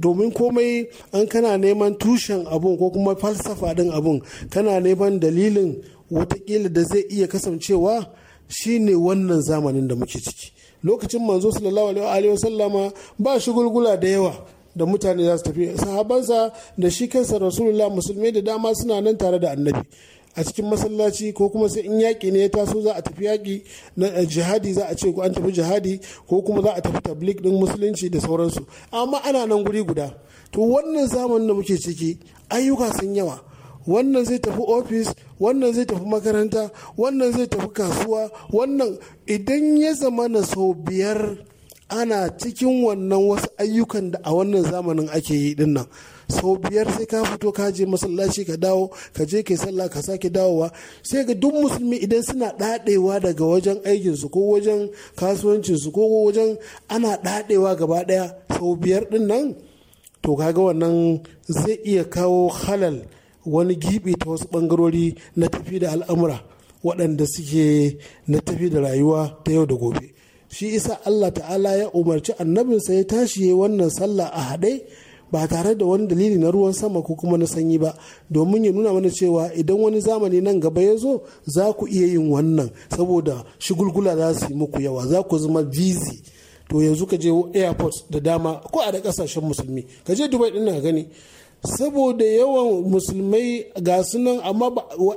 domin komai an kana neman tushen abun ko kuma falsafa din abun kana neman dalilin watakila da zai iya kasancewa Shi ne wannan zamanin da muke ciki lokacin manzo sallallahu alaihi wa wasallama ba shugulgula da yawa da mutane za su tafi sahabansa da shi kansa rasulullah musulmi da dama suna nan tare da annabi a cikin masallaci ko kuma sai in yaƙi ne ya taso za a tafi yaƙi na eh, jihadi za a ce ko an tafi jihadi ko kuma za a tafi tablik din musulunci da sauransu amma ana nan guri guda to wannan zamanin da muke ciki ayyuka sun yawa wannan zai tafi ofis wannan zai tafi makaranta wannan zai tafi kasuwa wannan idan ya zama na sau biyar ana cikin wannan wasu ayyukan da a wannan zamanin ake yi dinnan sau biyar sai ka fito ka je masallaci ka dawo ka je ka sallah ka sake dawowa sai ga duk musulmi idan suna dadewa daga wajen aikinsu ko wajen kasuwancinsu ko wajen ana dadewa gaba daya sau biyar dinnan to kaga wannan zai iya kawo halal wani gibi ta wasu bangarori na tafi da al'amura waɗanda suke na tafi da rayuwa ta yau da gobe shi isa allah ta'ala ya umarci annabinsa ya tashi ya wannan sallah a haɗe ba tare da wani dalili na ruwan sama ko kuma na sanyi ba domin ya nuna mana cewa idan wani zamani nan gaba ya zo za ku iya yin wannan saboda shigulgula za su yi muku yawa za ku zama busy to yanzu ka je airport da dama ko a da kasashen musulmi ka je dubai ɗin na gani saboda yawan musulmai ga sunan amma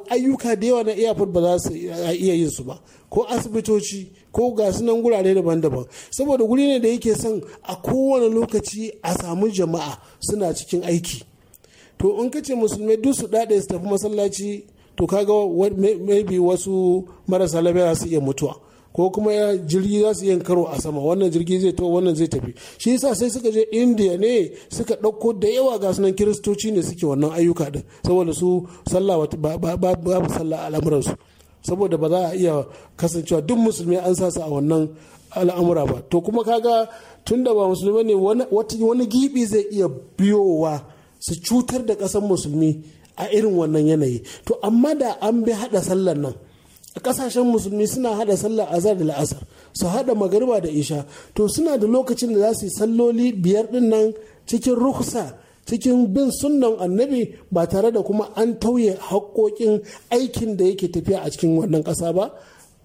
ayyuka da yawa na airport ba za su iya yin su ba ko asibitoci ko ga sunan gurare daban-daban saboda guri ne da yake son a kowane lokaci a samu jama'a suna cikin aiki to in ka ce musulmai duk su daɗe su tafi masallaci to kaga maybe wasu marasa lafiya su iya mutuwa ko kuma ya jirgi za su yin karo a sama wannan jirgi zai to wannan zai tafi shi yasa sai suka je india ne suka ɗauko da yawa ga sunan kiristoci ne suke wannan ayyuka din saboda su sallah babu sallah al'amuransu saboda ba za a iya kasancewa duk musulmi an sa su a wannan al'amura ba to kuma kaga tun da ba musulmi ne wani gibi zai iya biyowa su cutar da ƙasar musulmi a irin wannan yanayi to amma da an bi haɗa sallar nan kasashen musulmi suna hada sallar azar da la'asar su hada magariba da isha to suna da lokacin da za su yi salloli biyar din nan cikin rukusa cikin bin sunnan annabi ba tare da kuma an tauye haƙoƙin aikin da yake tafiya a cikin wannan ƙasa ba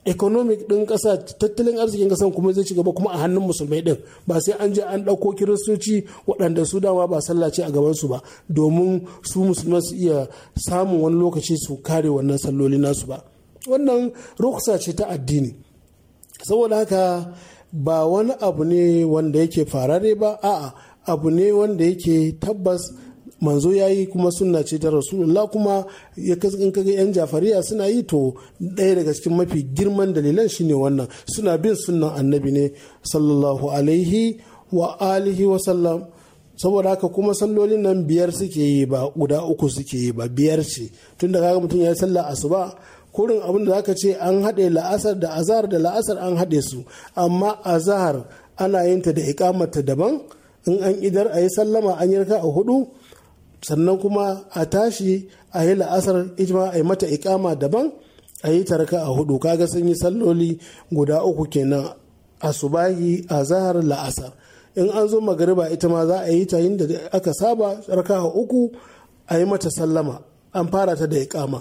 economic ɗin ƙasa tattalin arzikin ƙasar kuma zai ci gaba kuma a hannun musulmai ɗin ba sai an je an ɗauko kiristoci waɗanda su dama ba sallah ce a gabansu ba domin su musulman su iya samun wani lokaci su kare wannan salloli nasu ba. wannan ruksa ce ta addini saboda haka ba wani abu ne wanda yake farare ba a'a abu ne wanda yake tabbas manzo ya yi kuma suna ce ta rasulullah kuma ya kaga yan jafariya suna yi to ɗaya daga cikin mafi girman dalilan shine wannan suna bin sunan annabi ne sallallahu alaihi wa alihi wa sallam saboda haka kuma sallolin nan biyar suke yi ba guda uku suke yi ba biyar ce tun da kaga mutum ya yi sallah asuba kurin abin da zaka ce an haɗe la'asar da azahar da la'asar an haɗe su amma azahar ana yin ta da ikamata daban in an idar a yi sallama an yarka a hudu sannan kuma a tashi a yi la'asar ijma a yi mata ikama daban a yi tarka a hudu kaga sun yi salloli guda uku kenan asubahi azahar la'asar in an zo magariba ita ma za a yi ta yin da aka saba raka uku a yi mata sallama an fara ta da ikama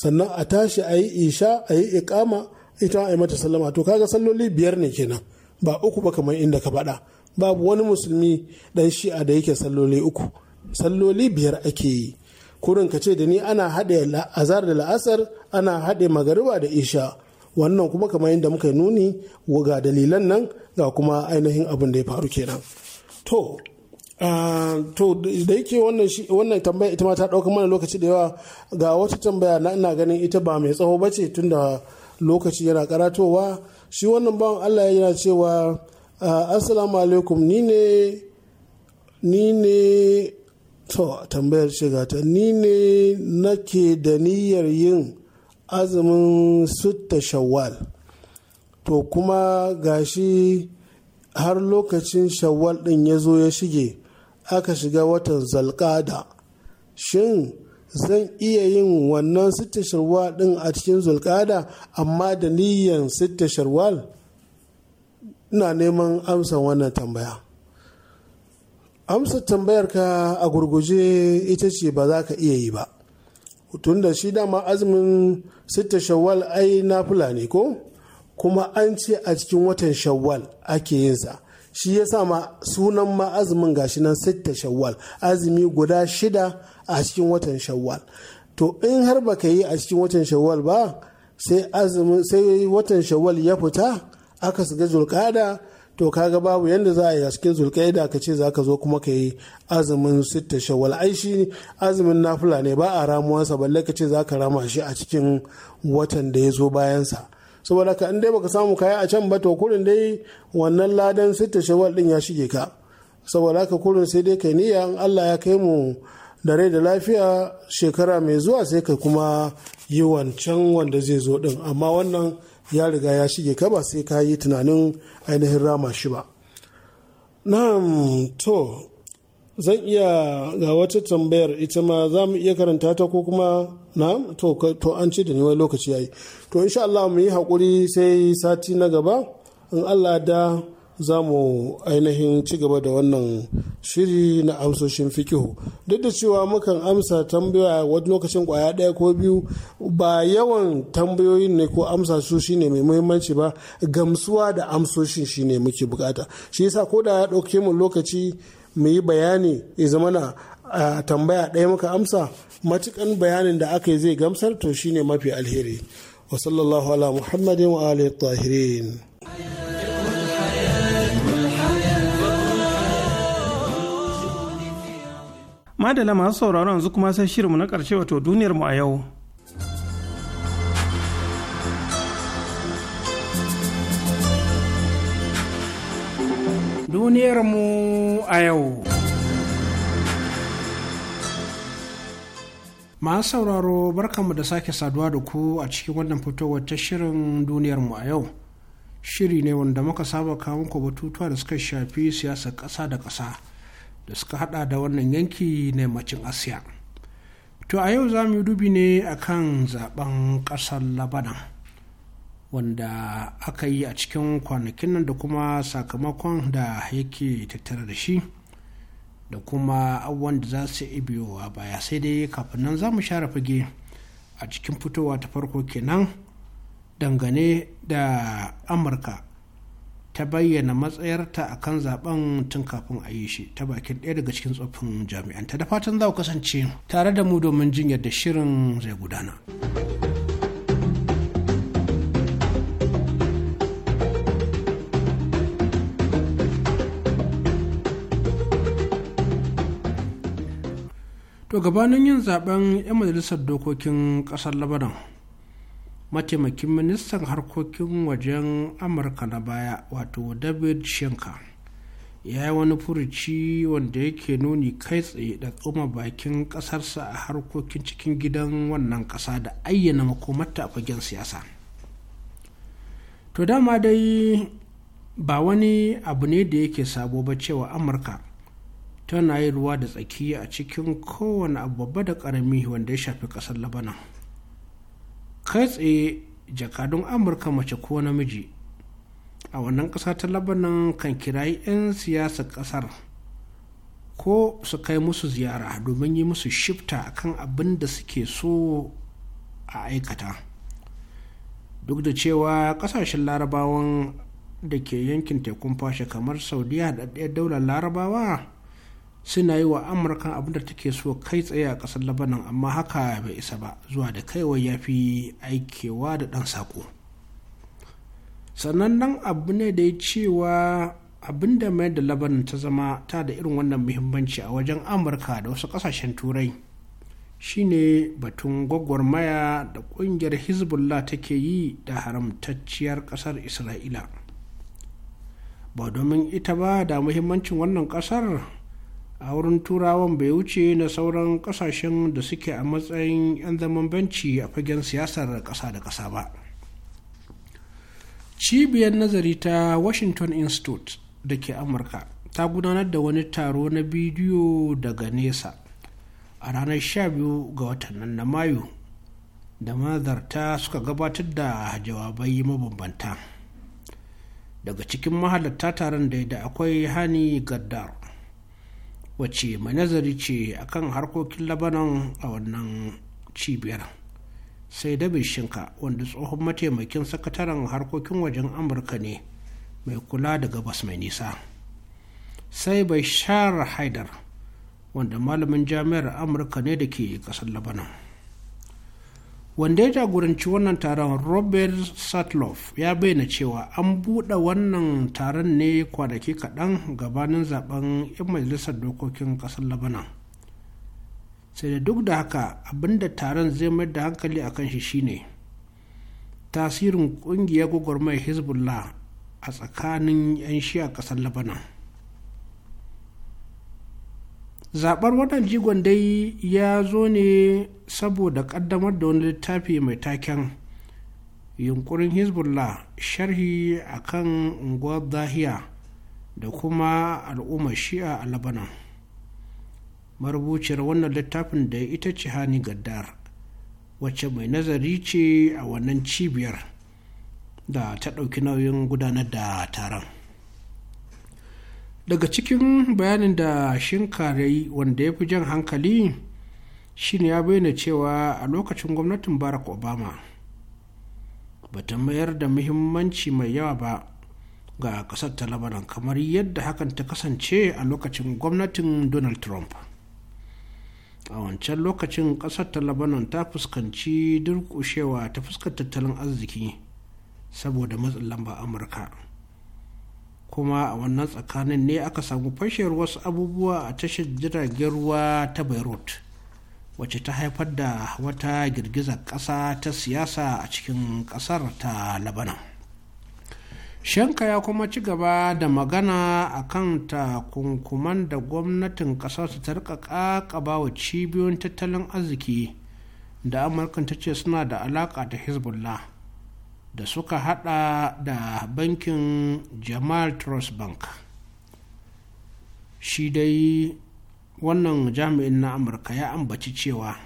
sannan a tashi a yi isha a yi ikama ita a yi mata sallama to kaga salloli biyar ne kenan ba uku ba kamar inda ka faɗa babu wani musulmi dan shi'a da yake salloli uku salloli biyar ake yi kurin ka ce da ni ana haɗe azar da la'asar ana haɗe magariba da isha wannan kuma kamar inda muka nuni ga dalilan nan ga kuma ainihin abin da ya faru kenan to Ah, to da yake wannan tambaya ita ma ta ɗauka mana lokaci da yawa ga wata tambaya na ina ganin ita ba mai tsawo ba ce tunda lokaci yana karatowa shi wannan bawan allah yana cewa ah, assalamu alaikum ni ne ni ne to tambayar shiga ta ni ne nake da niyyar yin azumin sutta shawwal to kuma gashi har lokacin shawwal din ya zo ya shige aka shiga watan zalkada shin zan iya yin wannan sittin sharwal din a cikin zulkada amma da niyyan sittin sharwal ina neman amsa wannan tambaya amsa tambayar ka a gurguje ita ce ba za ka iya yi ba tun da shi dama azumin sittin shawwal ai na fulani ko kuma an ce a cikin watan shawwal ake yinsa shi ya sa ma sunan ma azumin gashi nan sitta shawwal azumi guda shida a cikin watan shawwal to in har baka yi a cikin watan shawwal ba sai watan shawwal ya fita aka shiga zulkada to kaga babu yadda za a yi a cikin zulkaida ka ce za ka zo kuma ka yi azumin sitta shawwal ai shi azumin nafula ne ba a ramuwansa balle ka ce za ka rama shi a cikin watan da ya zo bayansa saboda ka in dai baka samu kaya a can ba to kurin dai wannan ladan sita shawal din ya shige ka saboda ka kurin sai dai kai niyya in Allah ya kai mu da rai da lafiya shekara mai zuwa sai ka kuma yi wancan wanda zai zo din amma wannan ya riga ya shige ka ba sai ka yi tunanin ainihin rama shi ba na'am to zan iya ga wata tambayar ita ma za mu iya karanta ta ko kuma na'am to an ce da ni wani lokaci yayi to insha Allah mu yi hakuri sai sati na gaba in Allah da za mu ainihin ci gaba da wannan shiri na amsoshin fikihu duk da cewa mukan amsa tambaya wani lokacin kwaya ɗaya ko biyu ba yawan tambayoyin ne ko amsa su shine mai muhimmanci ba gamsuwa da amsoshin shine muke bukata shi yasa ko da ya ɗauke mu lokaci mu yi bayani ya zama na tambaya ɗaya muka amsa matukan bayanin da aka yi zai gamsar to shine mafi alheri wa sallallahu ala muhammadin wa alihi tahirin madala masu sauraro yanzu kuma sai shirinmu na karshe wato duniyar mu a yau duniyar mu a yau masu sauraro barkanmu da sake saduwa da ku a cikin wannan fitowar ta shirin duniyarmu a yau shiri ne wanda muka saba kawo muku batutuwa da suka shafi siyasar ƙasa da ƙasa da suka hada da wannan yanki na yammacin asiya to a yau za mu yi dubi ne a kan zaben ƙasar labanan wanda aka yi a cikin kwanakin nan da kuma sakamakon da yake tattare da shi da kuma abubuwan da za su yi biyowa baya sai dai kafin nan za mu share fage a cikin fitowa ta farko kenan dangane da amurka ta bayyana matsayarta a kan zaben tun kafin a yi shi ta bakin ɗaya daga cikin tsoffin jami'an ta da fatan za ku kasance tare da mu domin jin yadda shirin zai gudana. to gabanin yin zaben 'yan majalisar dokokin kasar labaran mataimakin ministan harkokin wajen amurka na baya wato david shinka ya yi wani furuci wanda yake nuni kai tsaye da tsoma bakin kasarsa a harkokin cikin gidan wannan kasa da ayyana makomata a fagen siyasa to dama dai ba wani abu ne da yake sabo ba cewa amurka tana yi ruwa da tsaki a cikin kowane abu babba da ƙarami wanda ya shafi ƙasar labanan kai tsaye jakadun amurka mace ko namiji a wannan ƙasa ta labanan kan kirayi 'yan siyasar ƙasar ko su kai musu ziyara domin yi musu shifta kan abin da suke so a aikata duk da cewa ƙasashen larabawan da ke yankin tekun fashe kamar saudiya da ɗaya daular larabawa suna yi wa amurka abinda take so kai tsaye a ƙasar labanan amma haka bai isa ba zuwa da kaiwa ya fi aikewa da ɗan saƙo sannan nan abu ne da ya cewa abin da mai da labanan ta zama ta da irin wannan muhimmanci a wajen amurka da wasu ƙasashen turai shine batun gwagwarmaya da ƙungiyar hezbollah take yi da haramtacciyar ƙasar isra'ila ba domin ita ba da muhimmancin wannan ƙasar a wurin turawan bai wuce na sauran kasashen da suke a matsayin 'yan zaman benci a fagen siyasar ƙasa da ƙasa ba cibiyar nazari ta washington institute da ke amurka ta gudanar da wani taro na bidiyo daga nesa a ranar 12 ga watan nan na mayu da manazarta suka gabatar da jawabai mabambanta daga cikin mahalarta taron da akwai hani gaddar wacce mai nazari ce akan harkokin labanon a wannan cibiyar sai da shinka wanda tsohon mataimakin sakataren harkokin wajen amurka ne mai kula da gabas mai nisa sai bashar haidar wanda malamin jami'ar amurka ne da ke kasar labanon wanda ya jagoranci wannan taron robert sutloff ya bayyana cewa an buɗe wannan taron ne kwanaki kaɗan gabanin zaben 'yan majalisar dokokin ƙasar labanan sai da duk da haka abinda taron zai mayar da hankali a kan shi shine tasirin ƙungiyar gwagwarmayar hezbollah a tsakanin 'yan shi a ƙasar labanan zaɓar wannan jigon dai ya zo ne saboda ƙaddamar da wani littafi mai taken yunkurin hezbollah sharhi akan unguwar zahiya da kuma al'ummar shi'a a labanan marubuciyar wannan littafin da ita ce hani gaddar wacce mai nazari ce a wannan cibiyar da ta ɗauki nauyin gudanar da taron daga cikin bayanin da shinkari wanda ya fi jan hankali shine ya bayyana cewa a lokacin gwamnatin barack obama ba ta mayar da muhimmanci mai yawa ba ga kasar ta labaran kamar yadda hakan ta kasance a lokacin gwamnatin donald trump a wancan lokacin kasar ta labanan ta fuskanci durkushewa ta fuskar tattalin arziki saboda matsin lamba amurka kuma a wannan tsakanin ne aka samu fashewar wasu abubuwa a tashar jiragen ruwa ta beirut wacce ta haifar da wata girgizar ƙasa ta siyasa a cikin ƙasar ta labanan shanka ya kuma ci gaba da magana a kan takunkuman da gwamnatin su ta rika ƙaƙaba wa cibiyoyin tattalin arziki da amurkan ta ce suna da alaƙa da hezbollah da suka hada da bankin jamal trust bank shi dai wannan jami'in na amurka ya ambaci cewa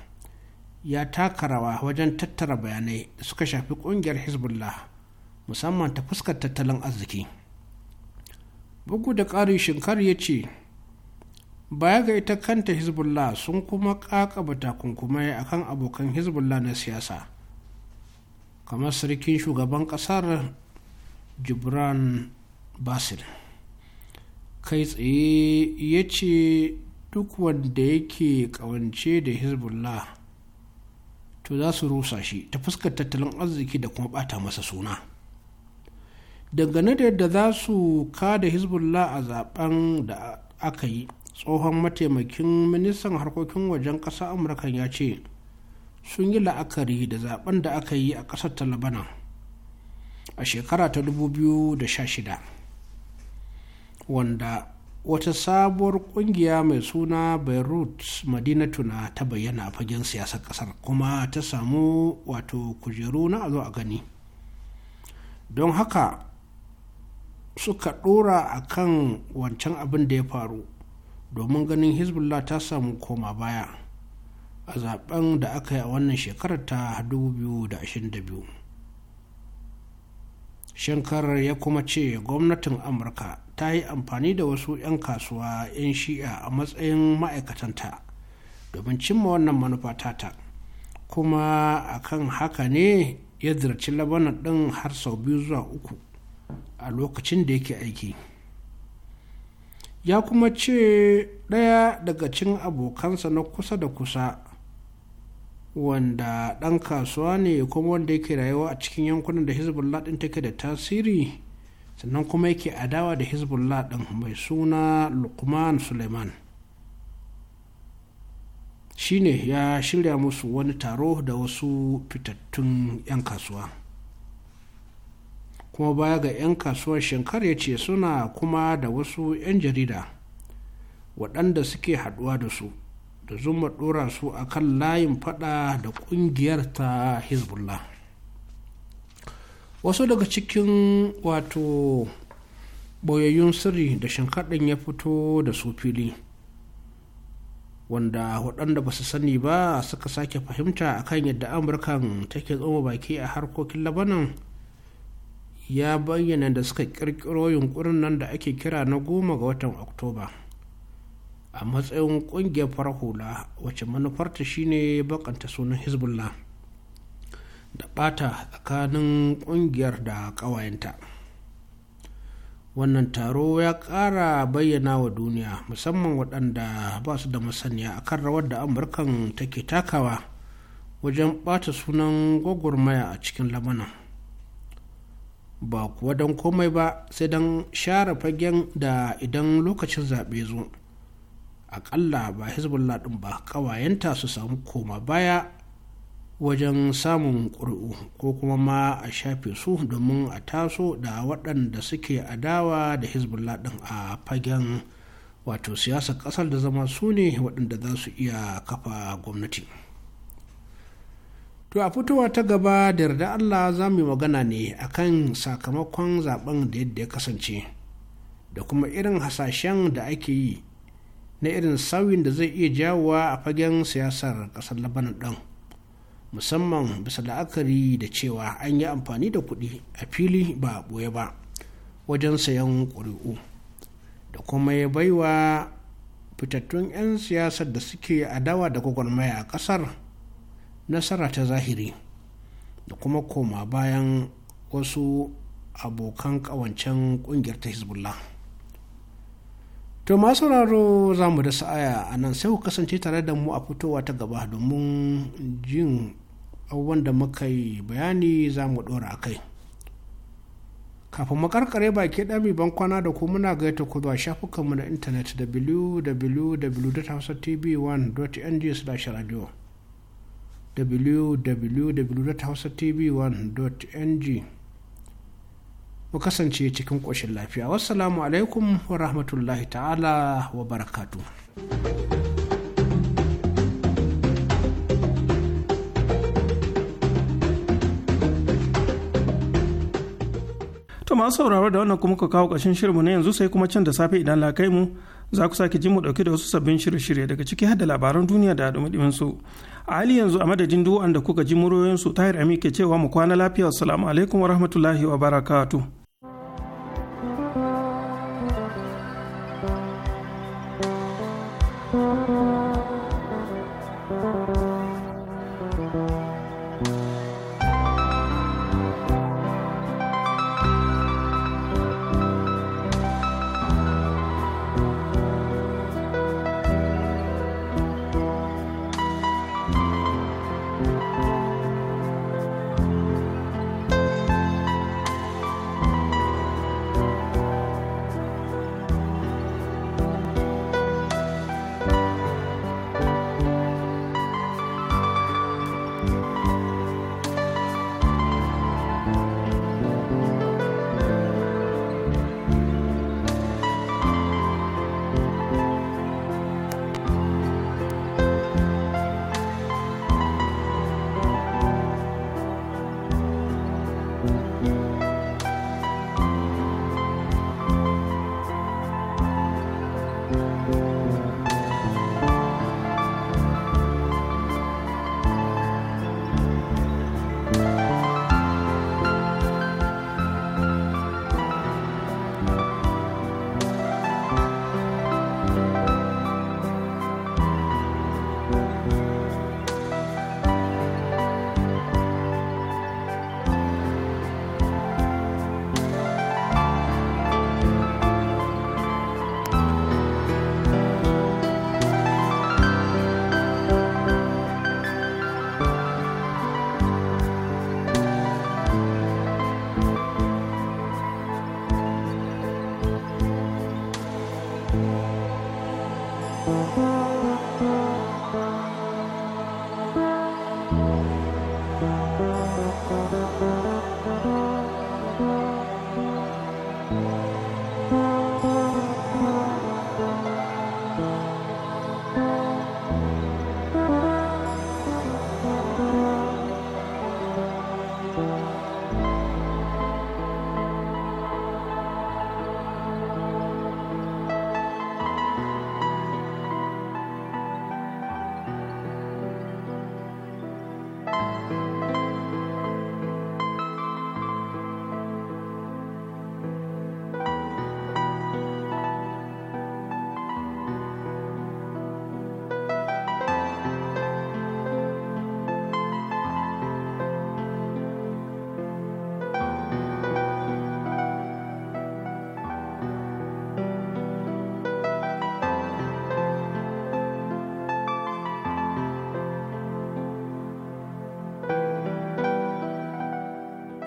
ya taka rawa wajen tattara bayanai da suka shafi kungiyar hezbollah musamman ta fuskar tattalin arziki bugu da ƙari shinkar ya ce baya ga ita kanta hezbollah sun kuma kakaba takunkumai akan abokan hezbollah na siyasa kamar sarkin shugaban kasar jibran basir kai tsaye ya ce duk wanda yake kawance da hezbollah to za su rusa shi ta fuskar tattalin arziki da kuma bata masa suna dangane da yadda za su kada hezbollah a zaben da aka yi tsohon mataimakin ministan harkokin wajen ƙasa amurka ya ce sun yi la'akari da zaben da aka yi a ƙasar ta labanan a shekara ta 2016 wanda wata sabuwar ƙungiya mai suna beirut madinatuna ta bayyana a fagen siyasar ƙasar, kuma ta samu wato kujeru na azo a gani don haka suka ɗora a kan wancan abin da ya faru domin ganin hezbollah ta samu koma baya a zaben da aka yi a wannan shekarar ta 2022 shankar ya kuma ce gwamnatin amurka ta yi amfani da wasu 'yan kasuwa 'yan shi'a a matsayin ma'aikatanta domin cimma wannan manufa tata kuma akan haka ne ya zirci labanan ɗin har sau biyu zuwa uku a lokacin da yake aiki ya kuma ce ɗaya daga cin abokansa na kusa da kusa wanda ɗan kasuwa ne kuma wanda yake rayuwa a cikin yankunan da hezbollah ɗin take da tasiri sannan kuma yake adawa da hezbollah ɗin mai suna lukman suleiman shine ya shirya musu wani taro da wasu fitattun 'yan kasuwa kuma baya ga 'yan kasuwar shinkar ya ce suna kuma da wasu 'yan jarida waɗanda suke haɗuwa da su da zuma dora su a kan layin fada da kungiyar ta hezbollah wasu daga cikin wato boyayyun sirri da shinkadin ya fito da su fili wanda waɗanda ba su sani ba suka sake fahimta akan yadda amurkan take tsoma baki a harkokin labanan ya bayyana da suka ƙirƙiro yunkurin nan da ake kira na goma ga watan oktoba a matsayin kungiyar farar hula wacce manufarta shine bakanta sunan hezbollah da bata tsakanin kungiyar da kawayenta wannan taro ya kara bayyana wa duniya musamman waɗanda ba su da masaniya a kan rawar da amurkan take takawa wajen ɓata sunan gwagwarmaya a cikin lamana. ba kuwa don komai ba sai don share fagen da idan lokacin zaɓe zo akalla ba hezbollah ɗin ba ƙawayenta su samu koma baya wajen samun ƙuri'u ko kuma ma a shafe su domin a taso da waɗanda suke adawa da hezbollah ɗin a fagen wato siyasar ƙasar da zama su ne waɗanda za su iya kafa gwamnati to a fitowa ta gaba da yarda allah za mu yi magana ne akan sakamakon zaben da yadda ya kasance da kuma irin hasashen da ake yi na irin sauyin da zai iya jawowa a fagen siyasar kasar labanan ɗin musamman bisa la'akari da cewa an yi amfani da kuɗi a fili ba a ɓoye ba wajen sayan ƙuri'u da kuma ya baiwa fitattun 'yan siyasar da suke adawa da gwagwarmaya a ƙasar nasara ta zahiri da kuma koma bayan wasu abokan ƙawancen ƙungiyar ta hezbollah to masu sauraro za mu da sa'aya a nan sai ku kasance tare da mu a fitowa ta gaba domin jin abubuwan da muka yi bayani za mu ɗora a kai kafin makarkare baki ɗami ban kwana da ku muna gaita ku zuwa shafukanmu na intanet www.hausatv1.ng/radio www.hausatv1.ng ku kasance cikin ƙoshin lafiya wassalamu alaikum wa rahmatullahi ta'ala wa barakatu. To masu sauraro da wannan kuma ka kawo ƙashin shirinmu na yanzu sai kuma can da safe idan la kai mu za ku sake ji mu ɗauki da wasu sabbin shirye-shirye daga ciki har da labaran duniya da dumudumin su. A hali yanzu a madadin duwan da kuka ji muroyin su tahir ami ke cewa mu kwana lafiya assalamu alaikum wa rahmatullahi wa barakatuh.